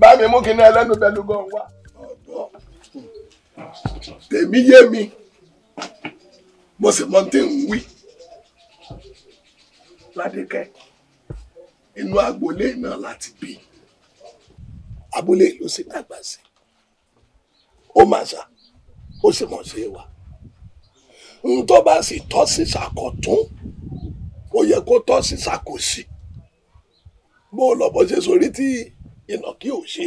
bá mi mú kíní ẹlẹ́nu bẹ́lúgọ́ wa ọ̀dọ́ tèmi yé mi mo sì mọ tí ń wí ládékẹ́ inú agboolé náà láti bí abúlé ló sì dàgbà sí ó mà ṣá ó sì mọ̀ sí wa n tó bá sì tọ́ sí ṣàkọ̀tún ó yẹ kó tọ́ sí ṣàkòsí bó lọ́bọ̀ ṣe sórí tí ìnàkí ò ṣe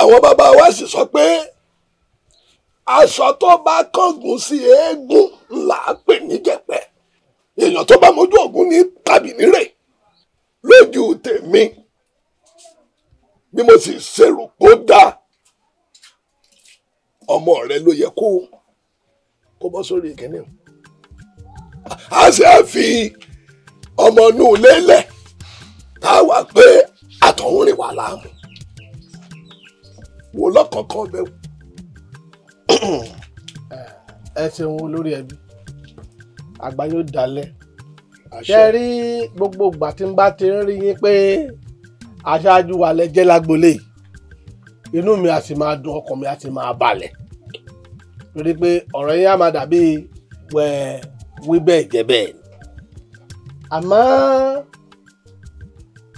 àwọn bàbá wa sì sọ pé aṣọ tó bá kángun sí eégún là á pè ní jẹ̀pẹ̀ èèyàn tó bá mojú ògún ní tàbí nírè lójú tèmi bí mo sì ṣèrò kó dáa ọmọ rẹ ló yẹ kó kó bọ́ sórí ìkíní a sì á fi ọmọ inú lélẹ̀ tá a wà pé àtọ̀hún rìn wà láàmú wò lọ́kọ̀ọ̀kan bẹ́ẹ̀ wò. ẹ ṣeun olórí ẹbí àgbà yóò dalẹ̀ ṣe rí gbogbo ìgbà tí n bá ti ń rí yín pé aṣáájú wa lẹ jẹ́ lágbolé inú mi á sì máa dùn ọkàn mi á máa balẹ̀ torí pé ọ̀rọ̀ yẹn á máa dàbí wẹ̀ wíbẹ̀ jẹ̀bẹ̀ àmọ́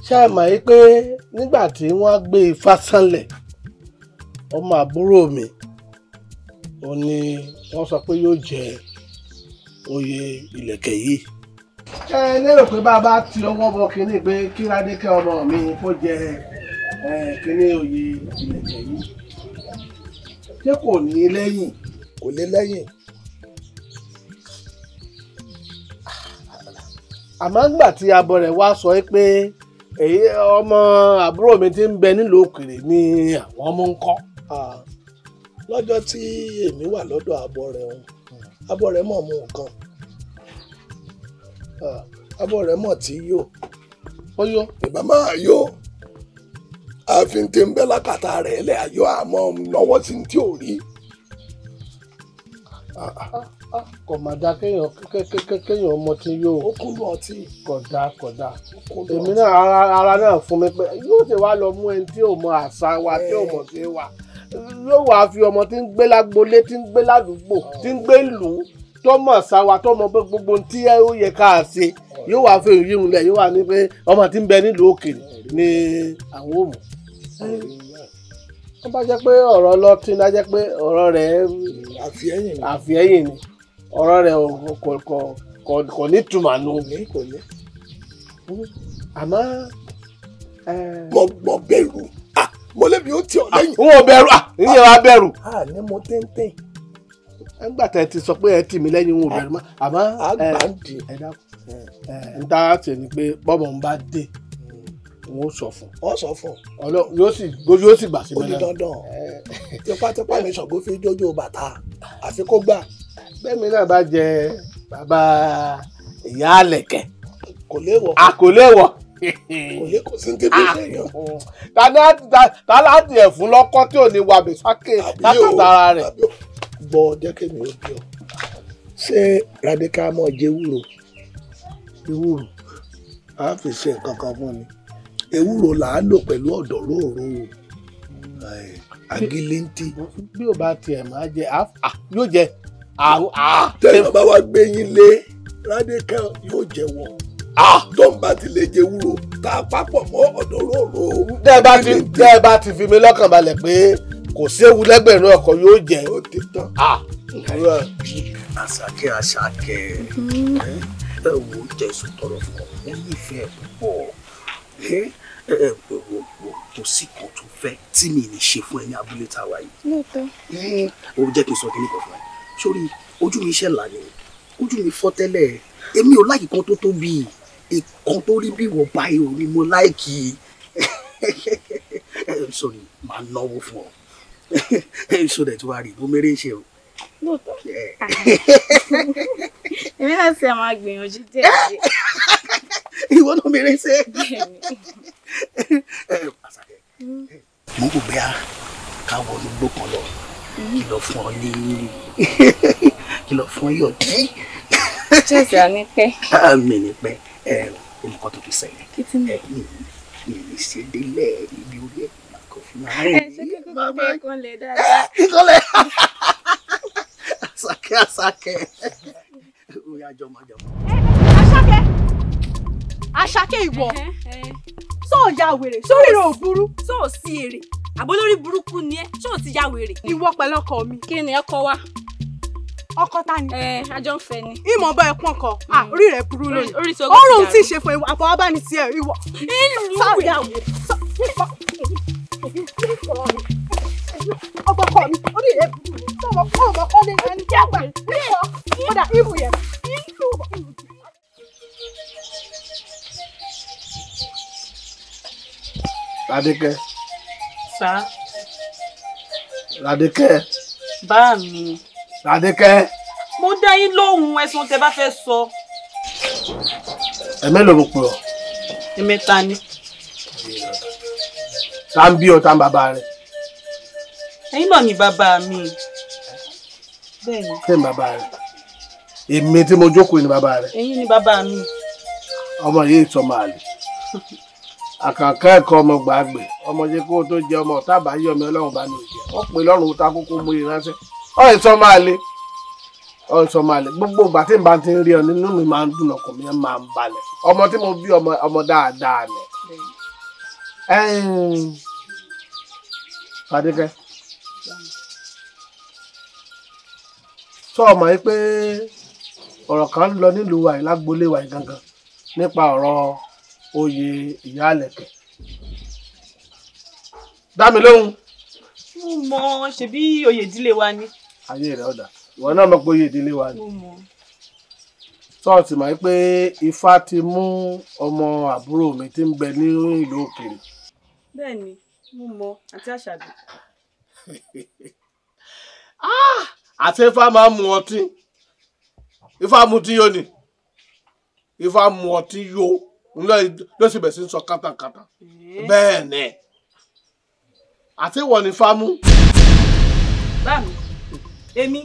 ṣe é mọ̀ pé nígbà tí wọ́n gbé ifá sánlẹ̀ ọmọ àbúrò mi ò ní wọ́n sọ pé yóò jẹ oyè ìlẹ̀kẹ̀ yìí. ẹ lérò pé bá a bá ti ọwọ́ bọ kínní pé kí ládékẹ́ ọmọ mi kó jẹ kínní oyè ìlẹ̀kẹ̀ yìí ṣé kò ní lẹ́yìn kò lé lẹ́yìn àmọ́ ńgbà tí abọ̀rẹ̀ wá sọ pé èyí ọmọ àbúrò mi ti ń bẹ nílùú òkèèrè ni àwọn ọmọ ń kọ́. lọ́jọ́ tí èmi wà lọ́dọ̀ abọ̀rẹ̀ òun abọ̀rẹ̀ mọ̀ mú nǹkan abọ̀rẹ̀ mọ̀ tí yó ó yó ìbá máa yó àfin tí ń bẹ lákàtà rẹ̀ lẹ́ àyọ́ àmọ́ nọwọ́ sí ti ò rí kò mà dáa kéèyàn kéèyàn ọmọ tí yóò ó kúndùn ọtí kò dáa kò dáa èmi náà ara ara náà fún mi pé yóò ṣe wá lọ mú ẹni tí ò mọ àṣà wa tí ò eh. mọ sí wa yóò wá fi ọmọ tí ń gbé lágbolé tí ń gbé ládùúgbò eh. tí ń gbé ìlú tó mọ̀ wa tó mọ̀ gbogbo tí ó yẹ ká ṣe eh. yóò wá fi èyí ń lẹ̀ yóò wá ní pé ọmọ tí ń bẹ nílùú òkèèrè ni àwọn ò tó bá jẹ́ pé ọ̀rọ̀ lọ́tún bá jẹ́ pé ọ̀rọ̀ rẹ̀ àfihẹ́yìn ni ọ̀rọ̀ rẹ̀ kò ní túmọ̀ nù. àmọ́. mo gbọ́ bẹ̀rù ah, mo lè bí o ti ọ̀ ah, lẹ́yìn. n ò bẹ̀rù ìyẹn ah, wa bẹ̀rù. a ní mo téńté. nígbà tẹ́ ti sọ pé ẹ tì mí lẹ́yìn n ò bẹ̀rù mọ́ àmọ́ ẹ ẹ dákun ẹ ń dá tẹ̀ ni pé bọ́bọ̀ ń bá dé wọn ó sọ fún. ọ sọ fún. Ọlọ́run yóò sì yóò sì gbà sí mẹlẹ. ó di dandan tipátipá mi Ṣàngó fi jójó bàtà àfi kó gbà. bẹ́ẹ̀ni náà bá jẹ bàbá ìyá àlẹ̀kẹ̀. kò léèwọ̀. a kò léèwọ̀. kò lè kò sí ní tẹ́lẹ̀ lẹ́yìn. Ah, oh. ta láti ẹ̀ fún lọ́kọ́ tí ò ní wa bẹ̀sákè látàtàrà rẹ̀. gbọ́ jẹ́ kí mi ò bí ọ. ṣé Radé ká mọ̀ jẹ́ wúrò? ewúro a fi ṣe nǹkan kan fún ni ewúro là á lò pẹ̀lú ọ̀dọ̀rọ̀rọ̀ agilenti. bí o bá tiẹ̀ máa jẹ yóò jẹ. tẹ́lẹ̀ bàbá wa gbé yín lé ládékẹ́ yóò jẹ wọ̀ tó ń bá ti lè jẹ wúro tá a papọ̀ mọ́ ọ̀dọ̀rọ̀rọ̀. tẹ́ ẹ bá ti fi mi lọ́kàn balẹ̀ pé kò séwu lẹ́gbẹ̀rún ọkọ̀ yóò jẹ. ó ti tán. àṣàkẹ́ àṣàkẹ́ mm-hmm. ẹ wo jẹ̀sùn tọrọ fún ọ mo nífẹ̀ẹ́ púpọ̀. Eh, eh, kò sí kan tó fẹ́ tí mi lè ṣe fún ẹ ní abúlé tá a wà yìí. Eh, o jẹ́ kí n sọ kí n kọ̀ fún ẹ sórí ojú mi iṣẹ́ là ni ojú mi fọ́ tẹ́lẹ̀ èmi ò láyìí kan tó tóbi ìkan tó rí bí wọ́n bá ihò ni mo láìkì sorry máa náwó fún ọ so that wàá rí bó mẹ́rẹ́ ṣe o lóòótọ́. Ah. èmi náà ṣe máa gbìyànjú díẹ̀ díẹ̀. ìwọ ló mèrè ṣe mo kò bẹ́ẹ̀ ká wọnú gbó kan lọ kí lọ fún ọ ní kí lọ fún ọ yọ dí. jésù àmì pẹ́. àmì ní pẹ́ ẹ olùkọ́ tó fi sẹ́yìn. kí tí mo mi lè ṣe délẹ̀ níbi orí ẹ̀ kò fi máa rìn. ẹ ṣe kíkọ́ kó dé ìkọlẹ̀ dáadáa. Ah, ìkọlẹ̀ àṣàkẹ́ àṣàkẹ́ orí àjọmọ́jọmọ́. àṣàkẹ́ àṣàkẹ́ ìwọ sọ̀ọ̀jà wèrè sórí rẹ̀ ò burú. sóò sí èrè àbólórí burúkú ni ẹ ṣé ò ti ya wèrè. ìwọ pẹ̀lú ọkọ mi. kí ni ẹ kọ wa ọkọ ta ni. ẹ ajọ ń fẹ́ ni. ìmọ̀ bá ẹ̀pọ̀n kan à orí rẹ̀ burú lónìí. orí tí o gbé ti dàrú. ọrùn tí ì ṣe fún àfọwọ́ bá ní tiẹ̀ ìwọ. sáwìyàwó ọkọ kọ mi orí rẹ̀ burú. sọ̀rọ̀ fún ọmọ kọ́ni ẹni tí a gbà. ó dà ìmù yẹn. Ládékẹ́. Sá. Ládékẹ́. Bá mi. Ládékẹ́. Mo dá yín lóhùn ẹ̀sùn tẹ bá fẹ́ sọ. Ẹ̀mẹ́ ló mo pè ọ́. Ẹ̀mẹ́ta ni. Ta ń bí ọ ta ń bàbá rẹ̀. Ẹ̀yin náà ni bàbá mi. Bẹ́ẹ̀ni. Ṣé ni bàbá rẹ̀? Èmi tí mo jókòó ni bàbá rẹ̀. Ẹ̀yin ni bàbá mi. Ọmọ yìí sọ màálì. àkànká ẹ̀kọ́ ọmọ gbàgbé ọmọ jẹ́ kó tó jẹ ọmọ ọ̀tá àbáyé ọmọ ọlọ́run bá ní òjẹ wọ́n pè lọ́rùn ta kókó mú irin ránṣẹ́ ọ̀hìn sọ máa le ọ̀hìn sọ máa le gbogbo ìgbà tí n bá ti ń rí ọ nínú mi máa ń dùn ọkàn mi máa ń balẹ̀ ọmọ tí mo bí ọmọ dáadáa nì. fadékẹ́ sọ ọmọ yìí pé ọ̀rọ̀ kan ń lọ nílùú wa yìí lágboolé wa yìí gangan nípa ọ̀rọ̀ oyè ìyá àlẹ̀kẹ̀. dá mi lóhùn. mo mọ ṣebí oyè ìdílé wa ni. ayé rẹ ọ̀dà ìwọ náà mọ̀ pé oyè ìdílé wa ni. mo mọ. sọ́ọ̀tì máa ń pé ifá ti mú ọmọ àbúrò mi tí ń bẹ ní ìlú òkèèrè. bẹ́ẹ̀ni mo mọ àti àṣàbí. Ah! àti ifá máa ń mu ọtí ifá mu ti yó ifá mu ọtí yó ló sì bẹ̀rẹ̀ sí sọ kátàkátà eh. bẹ́ẹ̀ ni àti ìwọ ni fámú. báàmì èmi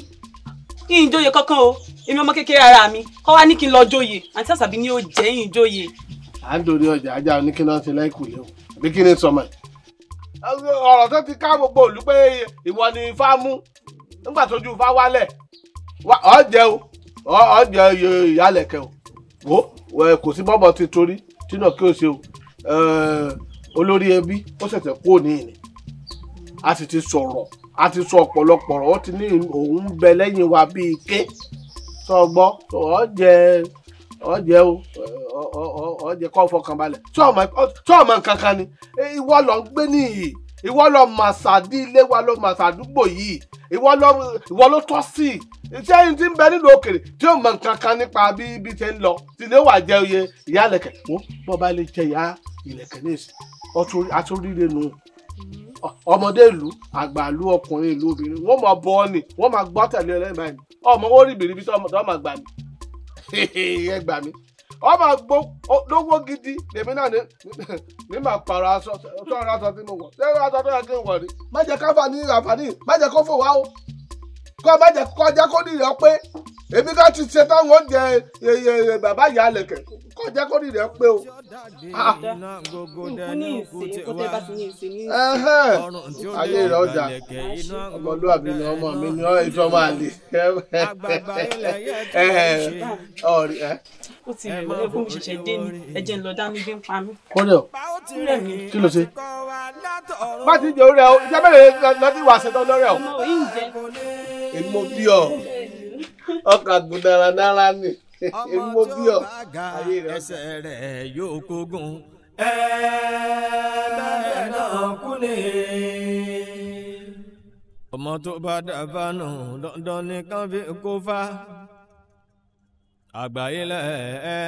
kí n jóye kankan o èmi ọmọ kékeré ara mi kọ́ wá ní kí n lọ jóye àti àṣàbí ni ó jẹ́ yín jóye. à ń dorí ọjà ajá ní kí n lọ́ọ́ ti lẹ́kùlé o àbí kí ni sọmọ ẹ̀. ọ̀rọ̀ tó ti ká gbogbo òlú pé ìwọ ni fámú nígbà tójú fá wálẹ̀ ọ̀ọ́ jẹ́ o ọ̀ọ́ jẹ́ ìyálẹ̀kẹ́ o wo eh, kò sí bọ́bọ̀ torí tínà kí o ṣe eh, olórí ẹbí ó ṣẹ̀ṣẹ̀ kú òní a sì ti sọ̀rọ̀ a ti sọ ọ̀pọ̀lọpọ̀ ó ti ní òun bẹ lẹ́yìn wa bíi ké kọ́ fọkànbalẹ̀ tí ọmọ ni eh, ìwọ lọ ń gbé nìyí ìwọ lọ iṣẹ́ yìí ti ń bẹ nílùú òkèrè tí ó mọ nǹkan kan nípa bí ibi ti ń lọ tí lè wà jẹ oyè ìyá ìlẹ̀kẹ̀ wọ́n bọ́ bá lè jẹ ìyá ìlẹ̀kẹ̀ ní ìsìn àtúríre nù ọmọdé ìlú àgbà ìlú ọkùnrin ìlú obìnrin wọ́n máa bọ ọ ni wọ́n máa gbọ́ tẹ̀lé ẹlẹ́yìn báyìí ọmọ wọn rí bìrìbì tí ọmọ máa gbà mí ẹ gbà mí ọmọ àgbo lówó gidi lèmi náà ní ní màá pààrọ̀ aṣọ tó ń ra aṣọ tí mo wọ̀ ṣé aṣọ tó yẹ kí n wọ̀ ni má jẹ́ káfà ní àǹfààní má jẹ́ kó fò wá o kọ́ bá jẹ́ kọjá kó ní pé èmi ká ti ṣe táwọn oúnjẹ bàbá ìyá àlẹ̀kẹ̀ kọjá kó ní pé o. Ah. ayé rẹ̀ ọjà ọmọlúwàbí ni ọmọ mi ni ìfẹ́ ọmọ àlè. ó ti rẹ̀ wọlé fún ìṣẹ̀ṣẹ̀ dé ni ẹ̀jẹ̀ ń lọ dání bí ń pa mí. kọ́lẹ̀ o kí ló ṣe. má ti jẹ́ orí ẹ o ìjẹ́bẹ̀rẹ̀ lọ́dún ìwà àṣetán lọ́rẹ̀ o èmi mo bí ọ ọkà gùn dáradára ni èmi mo bí ọ ayé rẹ. ẹsẹ̀ rẹ̀ yóò kógun ẹ̀ẹ́dẹ̀ náà kú ni. ọmọ tó bá dàbà nù dandan nìkan fi kó fa àgbáyé lẹ ẹ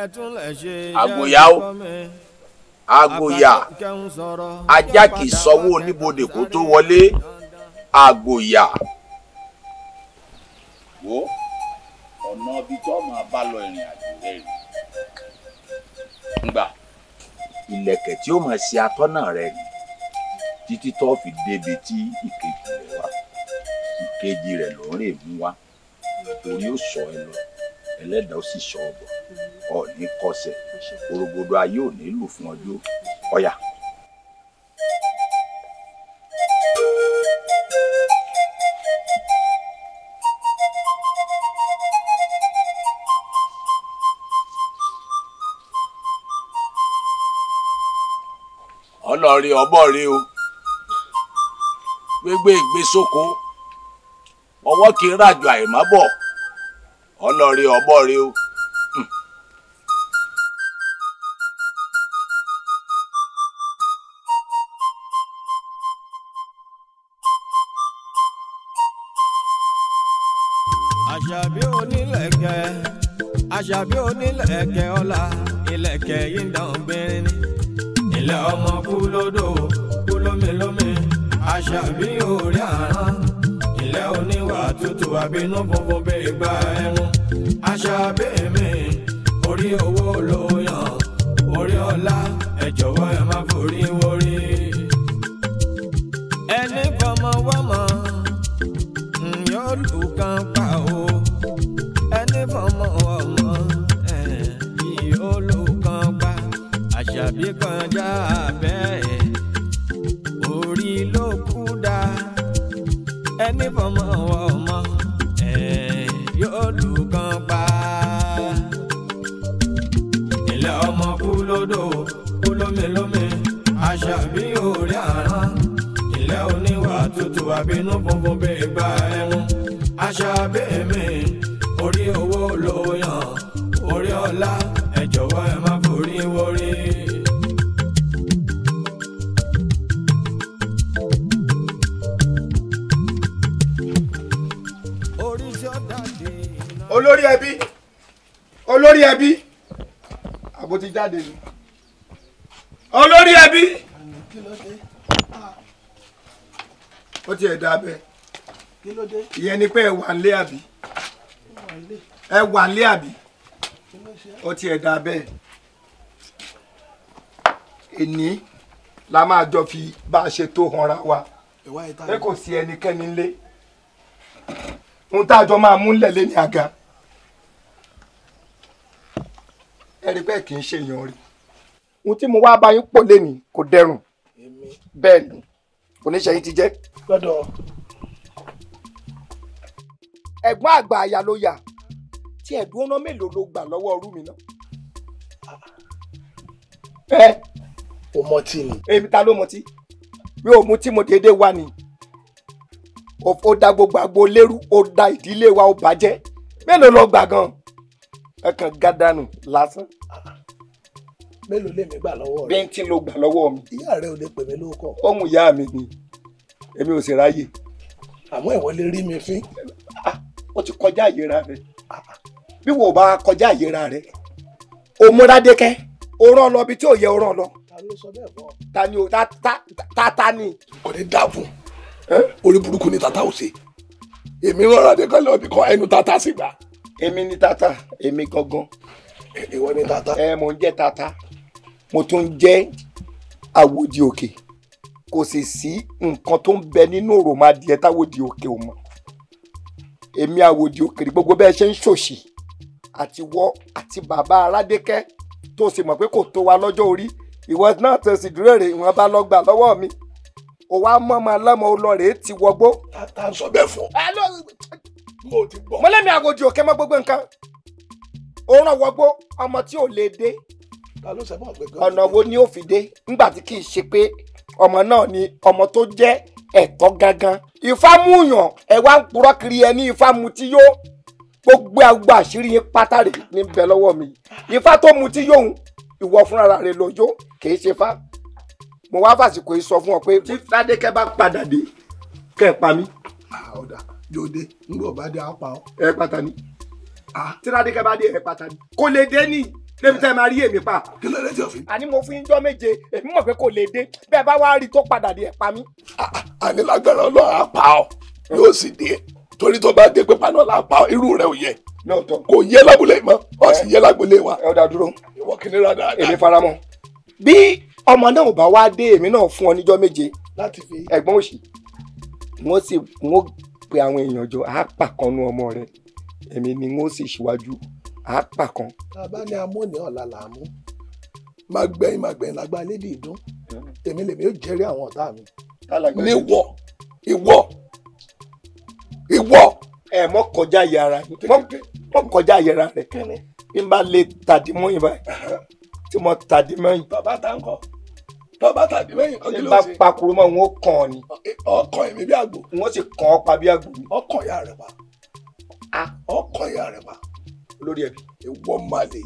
ẹ tún lẹ ṣe yẹ kọ mi ajá kì í sanwó oníbodè kó tó wọlé àgòyà wo ọ̀nà ibi tó máa bá lọ ìrìn àjò rẹ rè ngbà ìlẹ̀kẹ̀ tí ó máa ṣe atọ́nà rẹ rè títí tó fi débi tí ìkejì rẹ wá ìkejì rẹ ló ń rè mú wá torí ó sọ ẹ lọ ẹlẹ́dàá ó sì sọ ọ bọ̀ ọ kọsẹ̀ orogodo ayé ò ní lù fún ọjọ́ ọ̀yà. lọ rí ọbọ rí o gbégbé ìgbésóko ọwọ́ kì í ràjò àìmábọ̀ ọlọ́ọ̀rí ọbọ̀ rí o. àṣàbí onílẹ̀kẹ̀ àṣàbí onílẹ̀kẹ̀ ọlá ilẹ̀kẹ̀ yìí ń dán gbinrin ni ilẹ̀ ọmọ kú lódò kú lómìlómì àṣàbí orí àrán ilẹ̀ oníwà tútù àbínú funfun bíi gba ẹnu àṣàbí mi orí owó ló yàn orí ọlá ẹ jọ̀wọ́ ẹ má forí wọrí. ẹnì kan mọ wọ́n mọ̀ ń yọ lù kan inú funfun bí ìgbà ẹ̀wọ̀n aṣọ abẹ́ mi orí owó ló yàn orí ọlá ẹ jọ̀wọ́ ẹ má forí wọrí. olórí ẹbí olórí ẹbí. ìyẹn ni pé ẹ wà nílé àbí ẹ wà nílé àbí ọtí ẹ̀dá bẹ́ẹ̀ èní la máa jọ fi bá a ṣe tó hanra wa pé kò sí ẹnikẹ́ni ńlé ohun tá a jọ máa múlẹ̀ lé ní àga ẹ rí kì í ṣe èèyàn rí ohun tí mo wá bá yín pò lé ní kò dẹrùn bẹ́ẹ̀ ni oníṣẹ́ yín ti jẹ́. gbọ́dọ̀ ẹ̀gbọ́n àgbà àyà ló yà tí ẹ̀dùn ọ̀nà mélòó ló gbà lọ́wọ́ ọrú mi náà. ẹ o mọtí ni. èmi ta ló mọtí mi ò mú tí mo dédé wá ni ó da gbogbo àgbo lérú ó da ìdílé wa ó bàjẹ́ mélòó ló gbà gan ẹ kàn gádànù lásán. mélòó lèmi gbà lọ́wọ́ rẹ. bíntín ló gbà lọ́wọ́ mi. ìyá rẹ ò lè pè mí lóko. ọmọ ìyá mi ni èmi ò sì ráyè. àmọ́ ìwọ lè rí mi fín ó ti kọjá ìyẹra rẹ bí wò bá kọjá ìyẹra rẹ o múra dékẹ́ o rán lọ bí tí ò yẹ o rán lọ. ta ni o ta ta ta ni. ọ̀rẹ́ dàbùn orí burúkú ni tata ò ṣe èmi rọra dékẹ́ lọ bí kan ẹnu tata sì gbà. èmi ni tata èmi gangan. ìwọ ni tata. ẹ mò ń jẹ tata mo tún ń jẹ àwòdì òkè kò sì sí nǹkan tó ń bẹ nínú òròmọdìẹ táwòdì òkè ò mọ èmi àwòdì òkèrè gbogbo bẹ́ẹ̀ ṣe ń ṣòṣì àti wọ́ àti bàbá aládékẹ́ tó sì mọ̀ pé kò tó wa lọ́jọ́ orí ìwọ náà tó sì dúró rè ìwọ̀n bá lọ gbà lọ́wọ́ mi ò wá mọ́mọ lọ́mọ olóore ti wọgbó. tata sọ bẹ́ẹ̀ fọ. mo ti gbọ́. mo lẹ́mi àwòdì òkè mọ́ gbogbo nǹkan ó wọgbó ọmọ tí ò lè dé ọ̀nà wo ni ó fi dé nígbà tí kì í ṣe pé ọmọ náà ni ọmọ tó jẹ́ ẹ̀tọ́ gangan ifá múyàn ẹ wá ń purọ́ kiri ẹ ní ifá mutí yó gbogbo àgbà àṣírí pátá rè ní bẹ lọ́wọ́ mi ifá tó mutí yóhun ìwọ fúnra rẹ lọ́jọ́ kìí ṣe fá mo wá fàsìkò yìí sọ fún ọ pé. tí fadékẹ́ bá padà dé kẹ́ ẹ̀ pa mí. ọ̀dà jòde ń bọ̀ bá dé àpá ọ. ẹ pátá ni tí fadékẹ́ bá dé ẹ pátá ni kò lè dé ní débi tẹ́ máa rí èmi pa. kí ló dé tí o fi. àní mo fún ijọ́ méje èmi mọ̀ pé kò lè dé bẹ́ẹ̀ bá wá rí tó padà dé ẹ̀ pa mí. àní lágbára ọlọ́run á pa ọ yóò sì dé torí tó bá dé pé paná là á pa irú rẹ ò yẹ kò yẹ lábúlé mọ ọ sì yẹ lábúlé wa. ẹ ọ̀dà dúró ìwọ kìíní rà dáadáa. èmi faramọ́ bí ọmọ náà ò bá wá dé èmi náà fún ọ níjọ́ méje láti fi ẹ̀gbọ́n òsì wọn sì wọn pe àwọn èèyàn jọ àápàkànnú ọmọ rẹ èmi ni wọn sì ṣíwájú àápà kan. bàbá ní amóni ọ̀la là á mú máa gbẹ̀yìn máa gbẹ̀yìn lágbá lédi ìdún èmi lèmi yóò jẹ́rìí àwọn ọ̀tá mi. níwọ ìwọ ìwọ. ẹ mọ kọjá yàrá mọ kọjá yàrá rẹ bí n bá lè tàdí mọ́ yín tí mo tàdí mọ́ yín. bàbá tá n kọ bàbá tàbí mẹ́yìn kan kí ló ṣe. bá pakuru mọ́ wọn ó kàn ọ́ ni. ọkàn èmi bí àgbò. wọ́n sì kàn ọ́ pa bí àgbò. ọkàn ìyá rẹ̀ pa. Ah. ọkàn ìyá rẹ̀ pa olórí ẹbí ewọ màlẹ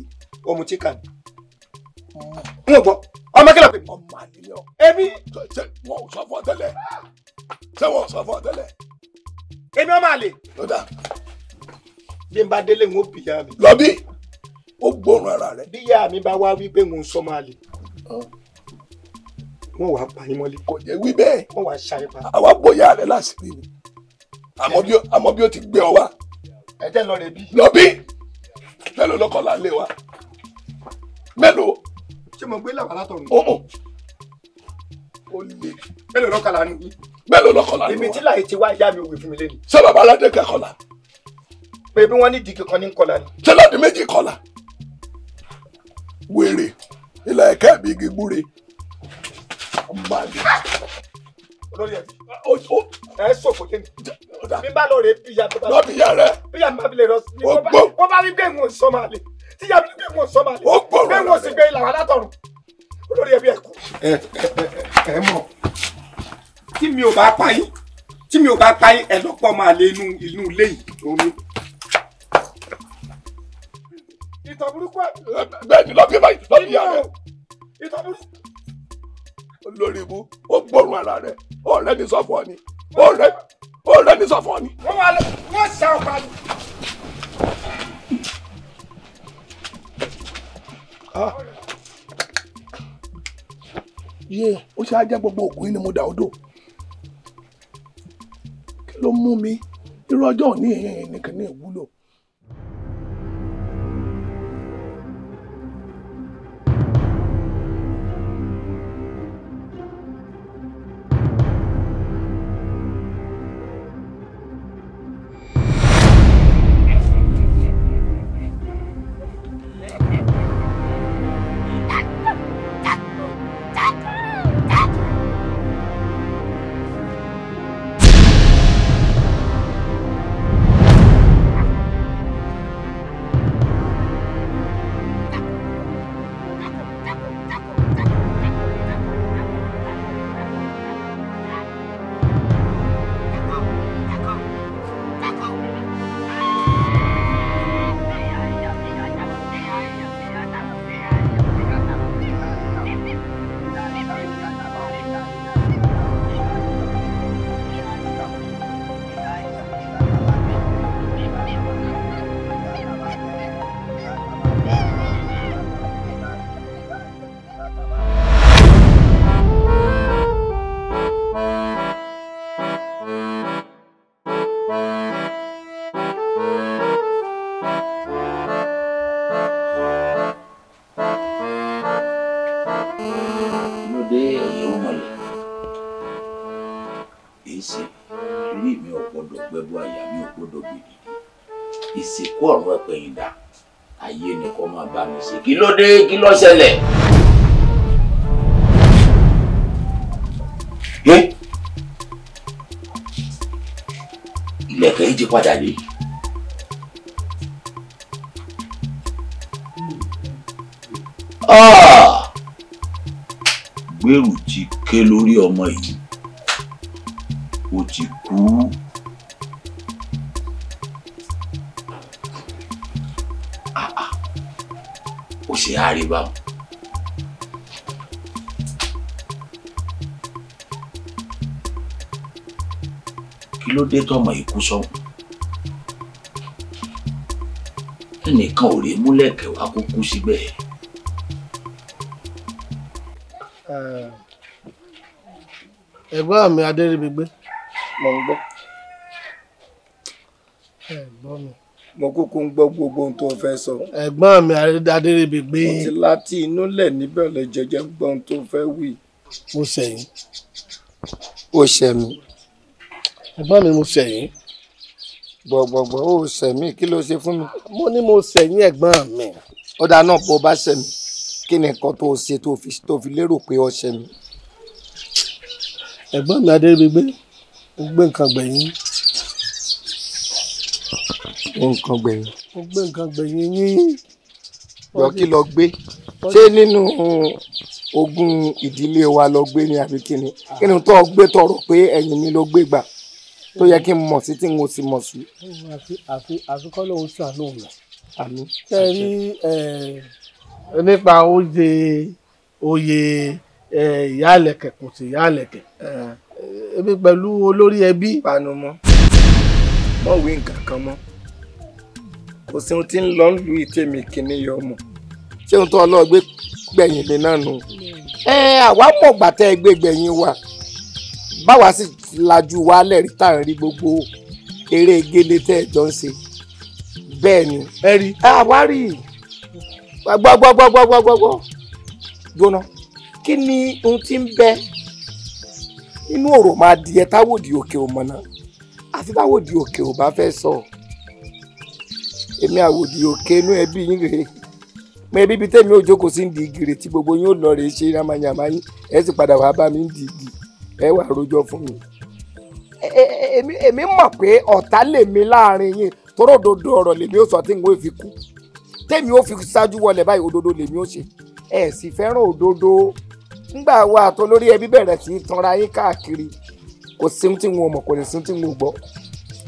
ọmọ tí kà ní. n ò gbọ́ ọmọ kí ló pè mí. ọmọ àlè ni ṣe wọn ò sọ fún ọ tẹ́lẹ̀ ṣé wọn ò sọ fún ọ tẹ́lẹ̀. èmi ọmọ àlè. lọ́dà. bí n bá délé ń ó bìyà mi. lọ bí ó gbóòórùn ara rẹ. bí ìyá mi bá wá wí ń sọ máa lè. wọ́n wàá pa yín mọ́lẹ̀. kò jẹ́ wí bẹ́ẹ̀. wọ́n wàá ṣàyẹ̀ pa. àwa bóyá rẹ láṣìírí ni àmọ́ bí ó ti gbé ọ wá. ẹ jẹ́ lọ rẹ bí. lọ bí mélòó lọ́kọ̀ là ń lé wa mélòó. ṣé mo gbé làwọn alátọ̀run. Oh, oh. ó ó lè mélòó lọ́kọ̀ là ń wí. mélòó lọ́kọ̀ là ń wá. ibi tí láì ti wá ìyá mi wí fún mi lé ni. ṣé bàbá aládé kẹ́kọ̀ọ́ la. pé bí wọ́n ní dìgì kan ní kọlà ni. ṣé lọ́dún méjì kọlà. wèrè ilà ẹ̀kẹ́ mi gígúre. ọmọ àgbẹ̀ olórí ẹ ẹ sọ̀kò jẹ́ ni mi bá lọ rè é bíyà tó bá lọ bíyà rẹ bíyà má bilẹ̀ rọ sí wọ́n bá wí pé ń sọ máa lè tíyà bí pé ń sọ máa lè pé ń sì gbé ìlànà látọ̀run olórí ẹ bí ẹ kú. ẹ ẹ ẹ mọ tí mi ò bá pa yín tí mi ò bá pa yín ẹ lọ́pọ̀ máa lé inú inú ilé yìí òun ni. ìtàn burúkú ẹ. bẹ́ẹ̀ni lọbí báyìí lọbí yàrá. ìtàn burúkú. olórí ibu ó gbórùn ara rẹ ọ̀rẹ́ mi sọ fún ọ ni ọ̀rẹ́ ọ̀rẹ́ mi sọ fún ọ ni. wọ́n wá lọ wọ́n ṣá ọ̀pá ni. Ah. yé ó ṣe ajá gbogbo ògùn yìí ni mo dà ó dò kí ló mú mi irú ọjọ́ òní èèyàn nìkan ní ìwúlò. kí ló dé kí ló ṣẹlẹ̀. ilẹ̀kẹ̀ yìí ti padà dé. Ah! gbèrú ti ké lórí ọmọ yìí. báwọn. kí ló dé tọmọ ikú sọhùn ẹnìkan ò lè múlẹ̀ kẹwàá kó kú síbẹ̀. ẹ̀gbọ́n mi adéríbigbé mo ń gbọ́. mo kúkú ń gbọ́ gbogbo ohun tó fẹ́ sọ. ẹ̀gbọ́n mi adérèbègbè. mo ti láti inú lẹ̀ níbẹ̀ lè jẹjẹ gbọ́ ohun tó fẹ́ wí. mo ṣẹ̀yìn. ó ṣẹ̀ mí. ẹ̀gbọ́n mi mo ṣẹ̀yìn. gbọ̀gbọ̀gbọ̀ ó ṣẹ̀ mí kí ló ṣe fún mi. mo ní mo ṣẹ̀yìn ẹ̀gbọ́n mi. ó dáa náà bó bá ṣẹ̀ mí kí ni nǹkan tó ṣe tó fi lérò pé ó ṣẹ̀ ẹ̀gbọ́n mi adérèbègbè gbé nǹkan gbẹ̀yìn nǹkan gbẹ̀yìn. mo gbé nǹkan gbẹ̀yìn yín. lọ kí lọ gbé ṣé nínú ogún ìdílé wa lọ gbé ni àbí kíni ah. kí ni tó gbé tọrọ pé ẹ̀yìn mi ló gbé gbà tó yẹ kí n mọ̀ sí tí n ò sì mọ̀ sí. àfikọ́ lòun ṣàánú mi. àmì. ṣe rí nípa oúnjẹ oyè ìyá àlẹ̀kẹ̀ kò sí ìyá àlẹ̀kẹ̀ èmi pẹ̀lú olórí ẹbí. panumọ mọ wí nǹkan kan mọ kò sí ohun tí ń lọ lù í tèmi kìíní yọ ọmọ ṣé ohun tó ọlọ́ọ̀gbé gbẹ̀yìn mi náà nù. ẹ àwa mọ̀ gbà tẹ́ ẹ wa báwa sì lajú wa lẹ́rìí tá à ń rí gbogbo eré gèlè tẹ́ ẹ jọ ń ṣe bẹ́ẹ̀ ni. ẹ rí. àwa rí gbọ́gbọ́gbọ́gbọ́gbọ́gbọ́ gbóná kí ni ohun tí ń bẹ nínú ọ̀rọ̀ máa di ẹ táwòdì òkè ò mọ̀ náà àfi táwòdì òkè ò bá fẹ́ sọ. So èmi àwòdì òkè inú ẹbí yín rèé mo ẹbí bíi tẹ́mi ò jókòó sí ń di igi rè tí gbogbo yín ò lọ rèé ṣe ramayama yín ẹ sì padà wàá bá mi ń di igi ẹ wàá rojọ́ fún mi. èmi mọ̀ pé ọ̀tá lèmi láàrin yín tóró òdodo ọ̀rọ̀ lèmi ó sọ tí n ò fi kú tẹ́mi ó fi ṣáájú wọlé báyìí òdodo lèmi ó ṣe ẹ sì fẹ́ràn òdodo ńgbà wo àtọ lórí ẹbí bẹ̀rẹ̀ sí í tanra yín káàkiri kò sí tí n ò mọ̀ kò sí tí n ò gbọ́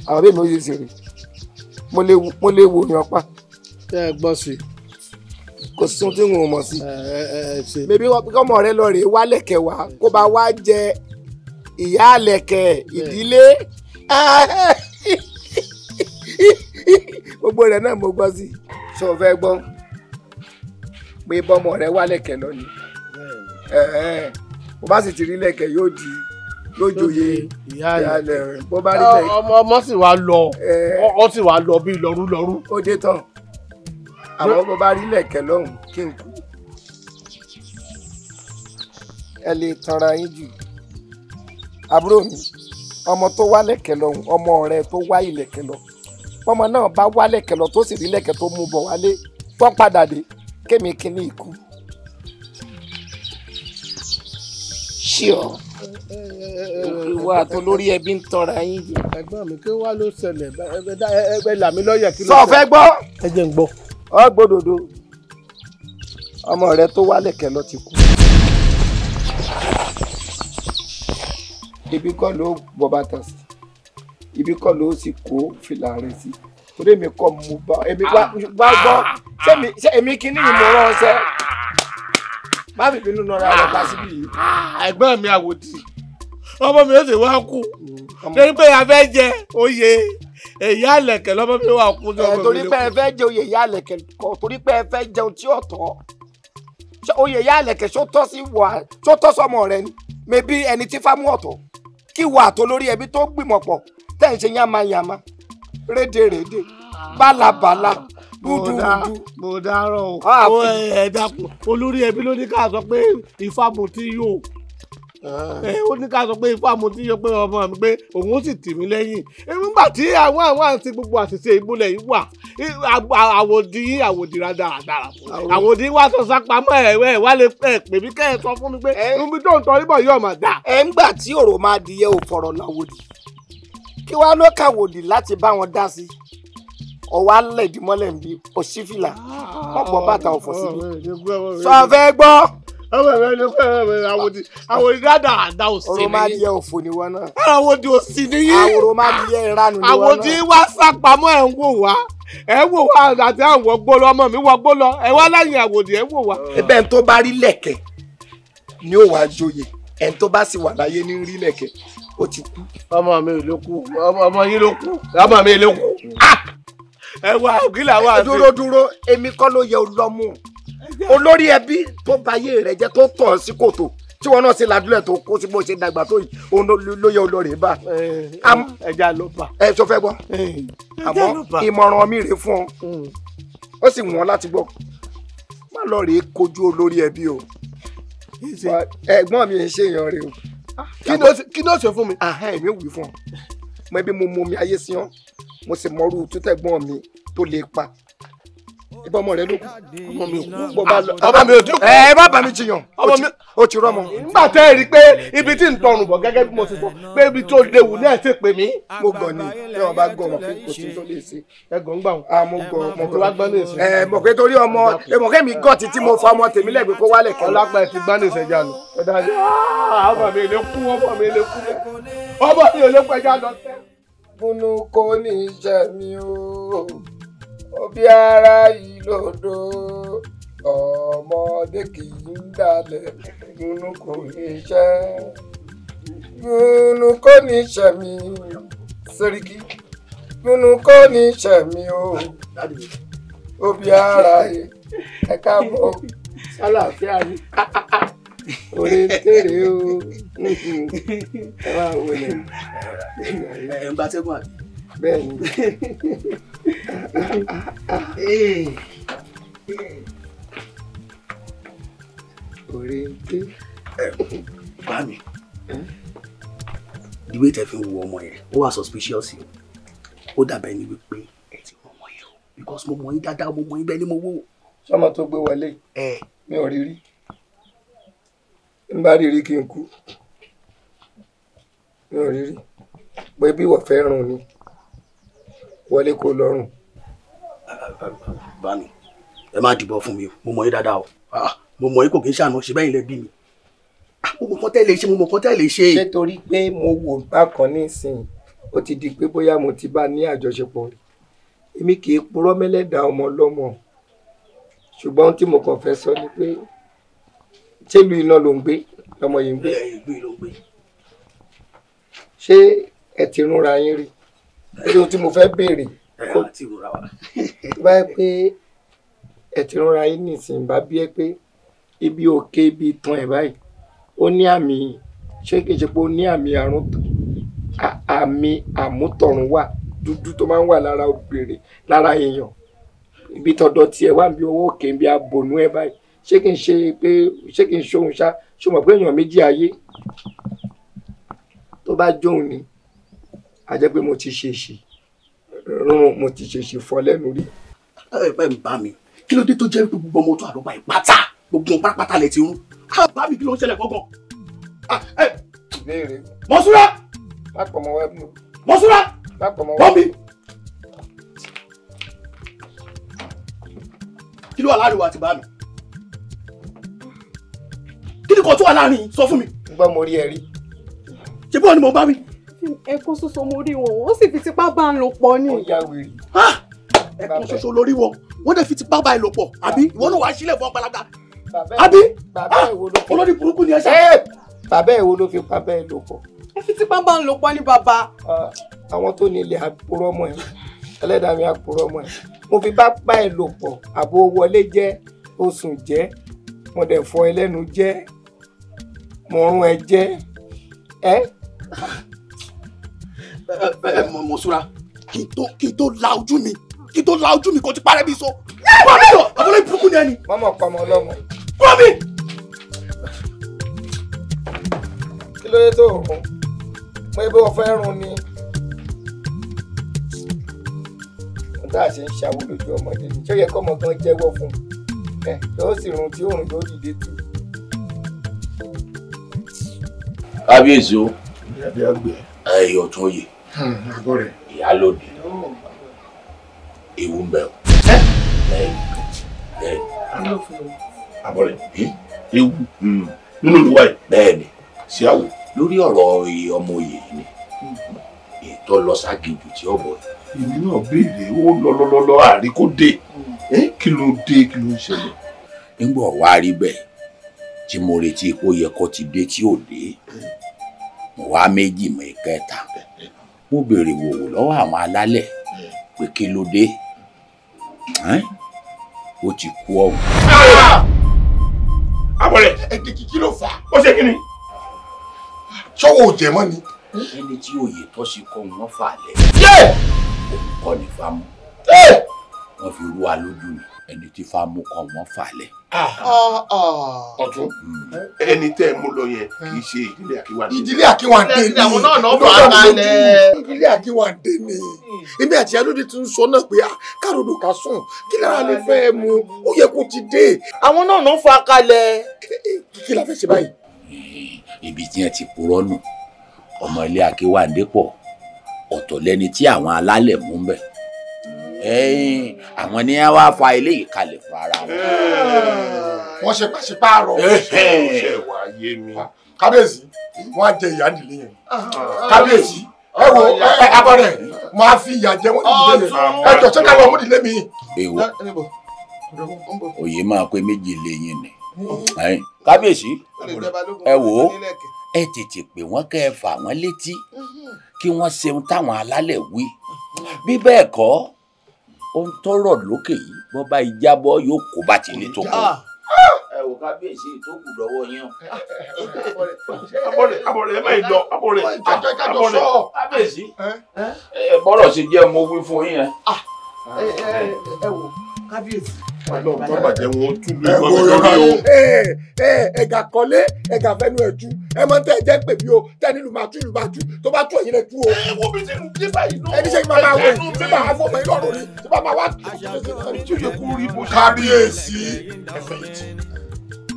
àwọn bẹ́ẹ̀ mi ó ṣe ṣe é mo lè mo lè wo yan pa. ṣé ẹ gbọ́ sí i. kò sí ohun tí n ò mọ̀ sí. bèbí ọmọ rẹ lọ rèé wá lẹ̀kẹ̀ wá kó bá wá jẹ ìyá àlẹ̀kẹ̀ ìdílé gbogbo rẹ̀ náà mo gbọ́ sí i ṣé o fẹ́ gbọ́ pé bọ́mọ rẹ wá lẹ̀kẹ̀ lọ ni bó bá sì ti rí lẹ̀kẹ̀ yóò di lójooyè ìyáálé rẹ̀ bó bá rí bẹ́ẹ̀. ọmọ sì wá lọ ọ sì wá lọ bí lọrú lọrú. ó dé tán àwọn bó bá rí lẹ̀kẹ́ lọ́hùn kí n kú. ẹ lè tanra yín jù àbúrò mi ọmọ tó wá lẹ̀kẹ́ lọ́hùn ọmọ rẹ tó wá ìlẹ̀kẹ́ lọ ọmọ náà bá wá lẹ̀kẹ́ lọ tó sì rí lẹ̀kẹ́ tó mú bọ̀ wálé tó padà dé kémi kíní ikú. ṣíọ. Sure ìwọ àtolórí ẹbí ń tọrọ ayé jẹ. ẹ̀gbọ́n mi kí wàá ló ṣẹlẹ̀ ẹgbẹ là mí lọ́yẹ̀ kí ló sọ fẹ́ gbọ́. ẹ jẹ́ ń gbọ́. ọ gbódòdó ọmọ rẹ tó wálẹ̀ kẹ lọ ti kú. ibi kọ́ ló bọ́ bàtà sí ibi kọ́ ló sì kó fìlà rẹ̀ sí torí èmi kọ́ mo bá èmi wá gbọ́ ṣé èmi kí ni ìmọ̀ràn ṣe má fi bínú nọra rẹ̀ pa síbí yìí. ẹ̀gbọ́n mi àwòdì ọmọ mi ó sì wá kú torí pé a fẹ́ jẹ oyè èyí àlẹ̀kẹ̀ lọ́mọ mi wà kú. ẹ torí pé ẹ fẹ́ jẹ oyè èyí àlẹ̀kẹ̀ kọ torí pé ẹ fẹ́ jẹun tí ó tọ́ oyè èyí àlẹ̀kẹ̀ ṣó tọ́ sí wà ṣó tọ́ sọmọ rẹ ni mẹbi ẹni tí fámú ọ̀tọ̀ kí wà tó lórí ẹbí tó gbìmọ̀ pọ̀ tẹ̀ ń ṣe yamayama rédèrèdè bálabàla dúdúdú. mo dárò ó ah, ẹ dákun olórí ẹbí ló ní ká sọ pé ìfàmù ti yóò ó ní ká sọ pé ifá mo ti yọ pé ọmọ mi pé òun ó sì tì mí lẹ́yìn nígbà tí àwọn àwọn àti gbogbo àṣìṣe ìmúlẹ̀ yìí wà àwòdì àwòdì rádaràdarà àwòdì wà sọ sápamọ́ ẹ̀wẹ̀ wà lè pẹ́ pè mí kẹ́ ẹ sọ fún mi pé omi tó ń tọrí bọ̀ yóò máa dà. ẹ ń gbà tí òrò máa dìyẹ ò fọ̀rọ̀ làwòdì kí wàá ló kàwòdì láti bá wọn dá sí i ọwọ́ alẹ́ ìdímọ́lẹ̀ ń bi ọ̀ṣífìlà ah, ọ̀pọ̀ bàtà ọ̀fọ̀ síbi sọ fẹ́ gbọ́. àwòrán àdá òsì ni. awodi òfò ni wọn náà. àwòdì òsì ni yín. awodi osi n'iyi wá sápamọ́ ẹ̀ ń wò wá ẹ wò wá àti àwọn gbólọ ọmọ mi wọ gbólọ ẹ wá láyìn àwòdì ẹ wò wá. ẹ̀bẹ̀ ń tó bá rí ni ó wàá joyè ń tó bá sì wà láyé ní rí ó ti kú. ọmọ mi ló kú ọmọ yín ló kú ọmọ mi ah! olórí ẹbí tó bayé rẹ jẹ tó tọ̀ sí kòtò tí wọn náà ṣe ladúlẹ̀ tó kó sí bó ṣe dàgbà tó yìí òun ló yẹ olórí bá. Eh, eh, ẹja ló bà. ẹ sọ fẹ́ gbọ́ eh, àmọ́ ìmọ̀ràn mi rèé fún ọ hmm. ó sì wọ́n láti gbọ́ má lọ rèé kojú olórí ẹbí o ẹ̀gbọ́n mi ń ṣèyàn rèé o. Ah, kí ni ó ṣe fún mi. èmi wì fún ọ mo ẹbí mo mọ omi ayé sí ọ mo sì mọ tútẹ̀gbọ́n mi tó lè pa ìbọn ọmọ rẹ ló kù ọmọ mi ò kú bọ́ bá lọ. ọmọ mi ò dín kù. ẹ má bà mí jiyàn ọmọ mi ò ti rọmọ. nígbà tẹ́ ẹ rí i pé ibi tí ń tọrùn bọ̀ gẹ́gẹ́ bí mo ti sọ pé ibi tó léwu náà ti pè mí. mo gàn ni ẹ wọn bá gọ pé kò sí tó lè ṣe ẹ gàn ń gbà wọn. a ah, mo gọ ọmọ tó wá gbọ́n lè ṣe. ẹ mọ̀ pé torí ọmọ èmọ̀kẹ́ mi gọ̀ títí mo fa ọmọ tèmi òbí ara yìí lòdò ọmọdé kì í ń dalẹ̀ gbónú kò ní iṣẹ́ gbónú kò ní iṣẹ́ mi sẹ́ríkì gbónú kò ní iṣẹ́ mi o òbí ara yìí ẹ káàbọ̀ sálàáfíà ni orí tèrè o ẹ máa wọlé ẹ ń bá tẹ́gùn àbí bẹ́ẹ̀ ni. òrè eh. dé. bá mi the way tẹ fi ń wo ọmọ yẹn ó wà suspicious yìí ó dàbẹ̀ ni wípé ẹ ti mọ ọmọ yẹn o because mo mọ yín dáadáa mo mọ yín bẹ́ẹ̀ ni mo wò. sọmọ tó gbé wọlé mi ò rí rí n bá rí rí kí n kú mi ò rí rí pé bí wọ́n fẹ́ ni wọlé kó lọ́rùn. bá mi ẹ má dìbọn fún mi mo mọ̀ yín dáadáa o ah, mo mọ̀ yín kò kí n ṣàánú ṣe bẹ́yìn lẹ bí mi ah, mo mọ̀ kán tẹ́lẹ̀ ṣe mo mọ̀ kán tẹ́lẹ̀ ṣe. ṣé torí pé mo wò bákan nísìnyí ó ti di pé bóyá mo ti bá ní àjọṣepọ̀ èmi kì í purọ́ mẹ́lẹ́dàá ọmọ ọlọ́mọ ṣùgbọ́n ohun tí mo kàn fẹ́ sọ ni pé ṣélu iná ló ń gbé lọmọ yìí ń gbé ṣé ẹ ti rúnra yín rí i ẹjọ́ tí mo fẹ́ béèrè kó bá yẹ pé ẹ ti rọra yín nísìnyí bá bí ẹ pé ibi òkè ibi ìtàn ẹ báyìí ó ní àmì ṣé kìí ṣe pé ó ní àmì àrùn àmì àmútọ̀run wà dúdú tó máa ń wà lára obìnrin lára èèyàn ibi tọ̀dọ̀ tiẹ̀ wà bí owó òkè bí abònú ẹ báyìí ṣé kìí ṣe pé ṣé kìí ṣohun ṣá ṣùgbọ́n pé èèyàn méjì ayé tó bá jóun ni a jẹ́ pé mo ti ṣe èṣì rún mo ti ṣe èṣì fọ́ lẹ́nu rí. ẹ bẹ́ẹ̀ ń bá mi kí ló dé tó jẹ́ gbogbo ọmọ tó àdọ́gba ìpátá gbogbo ọmọ pátápátá lẹ ti rún á bá mi kí ló ń ṣẹlẹ̀ gángan. ìbéèrè. mọ̀súra. má pọ̀ mọ́ wẹ́ẹ̀bù. mọ̀súra. má pọ̀ mọ́ wẹ́ẹ̀bù. bọ́m̀bì. kí ló wà láàrin wa àti bá mi kí ni kò tó wà láàrin sọ fún mi. gbọ́ mo rí ẹ rí. ṣé bọ́ọ̀ ni mo bá mi ẹkún ṣoṣo mo rí wọn ó sì fi tipá bá ń lò pọ̀ ni. ọjà wèrè. ẹkún ṣoṣo lórí wọn wọn dẹ fi tipá bá ẹ lò pọ̀ àbí ìwọ náà wàá sílẹ̀ fún ọgbàlagbà àbí olórí burúkú ni ẹ ṣe. bàbá ẹ wo ló fi pa bẹ́ẹ̀ lò pọ̀. ẹ fi tipá bá ń lò pọ̀ ni bàbá. àwọn tó ní ilẹ̀ àpòrọ̀ ọmọ ẹ ẹlẹ́dàá mi àpòrọ̀ ọmọ ẹ mo fi bá pa ẹ lò pọ̀ àbò wọlé jẹ́ oṣù jẹ́ mo dẹ̀ fọ ẹlẹ́nu jẹ́ mo rún ẹ jẹ́ ẹ́ mọ̀súra kí n tó kí n tó la ojú mi kí n tó la ojú mi kó ti parẹ́ bí so. wọ́n mi lọ àbúrò ìbùkún ni ẹni. mọ́mọ́ pamọ́ ọlọ́mọ. wọ́n mi. kí ló dé tó o kún mo ebe ọ̀fẹ́ rún ni. wọ́n tá a ṣe ń ṣàwúlò ju ọmọdé ni ṣé ó yẹ kó ọmọ gan jẹ́wọ́ fún un ẹ̀ yóò sì rún tí òòrùn yóò dìde tù. kábíyèsí o ayọ̀ tó yẹ. Hmm, ìyálòdì ewu ń bẹ o bẹ́ẹ̀ni bẹ́ẹ̀ni àbọ̀rẹ̀ ewu hmm, nínú ìwà yìí bẹ́ẹ̀ni síyàwó lórí ọ̀rọ̀ ọmọ òye ni hmm. ètò lọ ságejù tí ọ̀bọ̀ yìí. èmi náà béèrè ó lọlọlọlọ àrí kó dé kí ló dé kí ló ń ṣẹlẹ̀. nígbà wàá rí bẹ́ẹ̀ tí mo retí kó yẹ kó ti dé tí ò dé mo méjì mọ ìkẹta mo béèrè wòwò lọ́wọ́ àwọn alálẹ̀ pé kí ló dé ó ti kú ọ̀hún. àbọ̀rẹ̀ ẹ̀kìkì kí ló fà á ó ṣe kí ni ṣọ́wọ́ ò jẹ̀mọ́ ni. ẹni tí òye tó ṣe kọ́ wọn fà lẹ̀ òun kọ́ ni fámú wọ́n fi rú wa lójú ni ẹni tí fámú kọ́ wọn fà lẹ̀. Ah. Ah, ah. ọ̀tún hmm. ẹni tẹ́ ẹ mú lọ yẹn hmm. kì í ṣe ìdílé àkíwáńdé. ìdílé àkíwáńdé ni ìdílé àkíwáńdé ni ibi hmm. àti alóde ti ń sọ náà pé káàdùdù ká sùn kí lára lè fẹ́ ẹ mu ó yẹ kó ti dé. àwọn náà ló ń fa kalẹ̀. kí la fẹ́ ṣe báyìí. ibi tí wọn ti purọ́ nù ọmọ ilé àkíwáńdé pọ̀ ọ̀tọ̀ lẹni tí àwọn alálẹ̀ mú bẹ́ẹ̀ àwọn ni wọ́n á fa ilé ìkalẹ̀ fún ara wọn. wọ́n ṣe pàṣípààrọ̀ ṣe wà yé mi. Ah, kábíyèsí wọ́n á jẹ ìyá nílé yẹn ah. kábíyèsí ẹ wo abọ́rẹ̀ mo á fi ìyà jẹ wọ́n nílé yẹn ẹ jọ ṣé káwọn ọmọdé lé mi. èwo òye máa pé méjì lẹ́yìn ni mm. kábíyèsí ẹ wò ó ẹ tètè pè wọ́n kẹ́ ẹ fà wọ́n létí mm-hmm. kí wọ́n ṣeun táwọn alálẹ̀ wí bí bẹ́ẹ̀ kọ́ ohun tó rọ̀ lókè yìí bọ́ bá ìjábọ̀ yóò kó bá ti ní tó kọ. Ah. ẹ wò kábíyèsí tó kù lọ́wọ́ yín o. abọ́lẹ̀ abọ́lẹ̀ ẹ má yìí lọ abọ́lẹ̀ abọ́lẹ̀ kábíyèsí bọ́lọ̀ ṣe jẹ́ mo wí fún yín ah. ẹ. ẹ wò kábíyèsí ọlọ́run ẹ̀gà kọ́lé ẹ̀gà fẹ́nu ẹ̀jú ẹ máa ń tẹ́ ẹ jẹ́ pè mí o tẹ́ni lù máa tú lù tó bá tú ẹ̀yin lẹ̀ tú o. ẹ wo bí sínú bí báyìí náà. máa wọ èyí ọmọ yìí lọ́rùn ni tí màá wá tó ṣe ṣe kú rí bó ṣe. kábíyèsí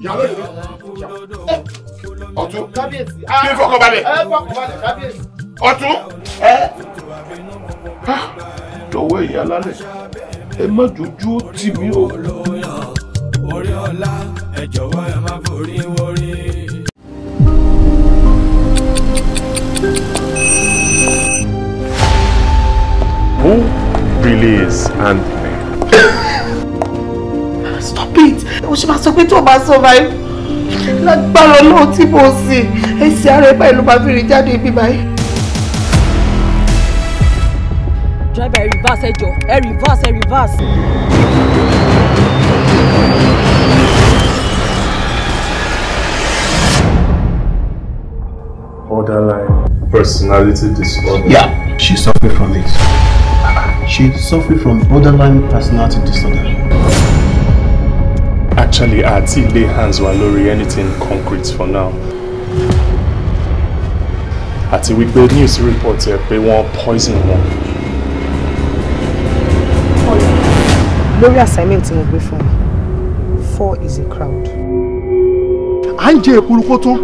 ìyàwó ìlú ọtún kí n fọkànbalẹ̀ ọtún jọ̀wọ́ èyí alálẹ̀ ẹ má jójú ó tì mí o. Who really is Anthony? Stop it! O ṣe máa sọ pé tó o bá survive. Lágbára náà tí mo sì. Ẹsẹ̀ ara ẹ̀ báyìí ló máa fi rìn jáde ibi báyìí. Drive a reverse ẹ eh, jọ A reverse a reverse. borderline personality disorder. Yeah, she suffered from it. She suffered from borderline personality disorder. Actually, I still lay hands were lórí anything concrete for now. Àti weekly news report they want wọ́n poison one. lórí assignment tí mo gbé fún un four is a crowd. à ń jẹ èkuru kó tán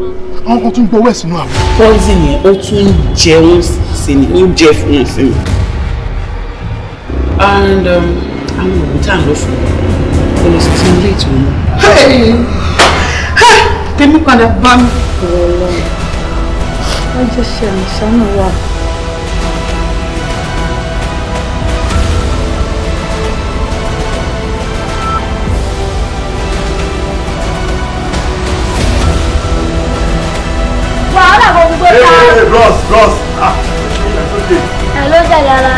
àwọn kan tún gbowó ẹ̀ sínú àwọn. poison ni ó tún jẹun sí ni ó jẹ fún un sí mi. and àwọn um, òògùn tá à ń lò fún un kò lè sọ sí ilé ìtura. tèmi padà bá mi. ọ̀rọ̀ ọlọ́run wọ́n jẹ́ ṣe àmì sánú wa. bros bros ah okay. hello Dayala.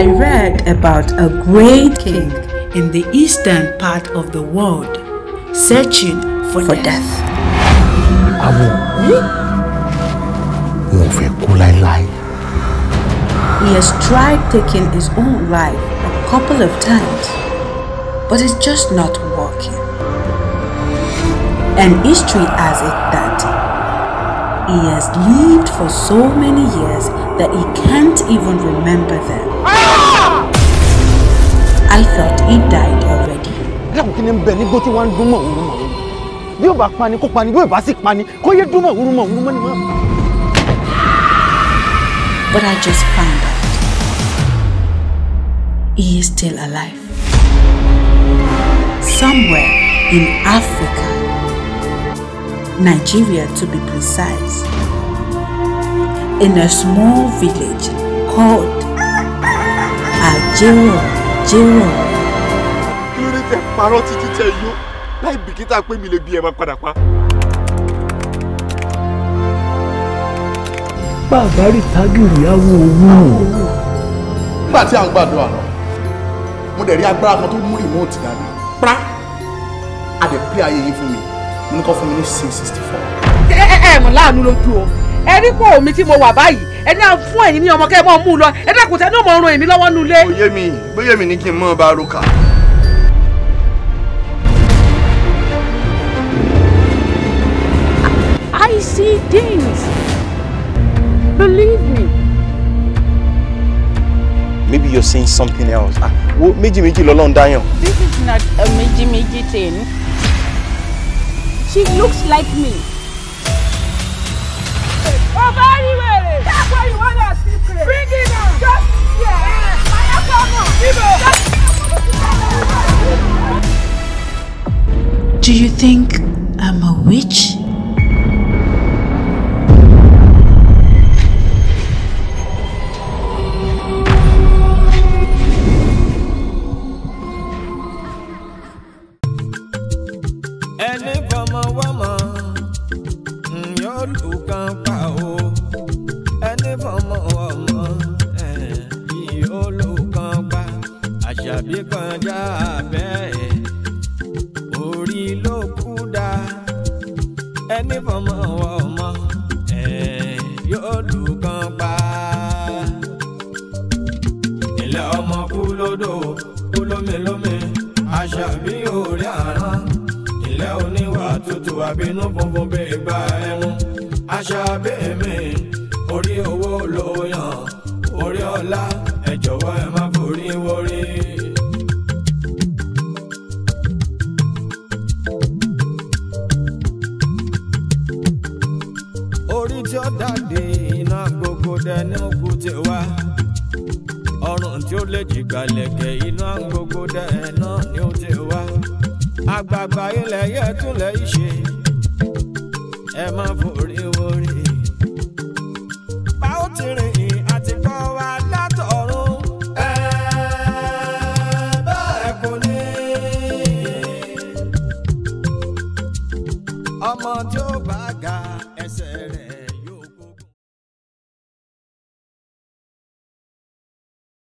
I read about a great king in the eastern part of the world searching for, for death. death. He has tried taking his own life a couple of times but it's just not working. And history has it that he has lived for so many years that he can't even remember them. I thought he died already. But I just found out he is still alive. somewhere in Africa, Nigeria to be precise, in a small village called Ajero Jero. bàbá rí tágìrì àwọ owó. nígbà tí à ń gbàdúrà mo dẹ̀ rí agbára kan tó mú rìmọ́ọ̀tì dání pra a dẹ̀ pé ayé yìí fún mi mo ní kó fún mi ní six sixty four. ẹ ẹ ẹ láàánú lójú o ẹ rí pò mi tí mo wà báyìí ẹ ní fún ẹ̀yìn ní ọmọ kẹ́ ẹ mọ̀ mú un lọ ẹ dẹ́kun tẹ́ ní òmò ọrùn èmi lọ́wọ́ nulẹ̀. bóyá mi bóyá mi ní kí n mọ̀ bá a I see things. Believe maybe you're saying something else. Ah, wo méjì méjì alone dáyàn. This is not a méjì méjì thing. She looks like me. Bàbá rí That's why you wanna Bring it on. Just yeah. Màyà kọ́mọ̀. Ibo. Do you think I'm a witch?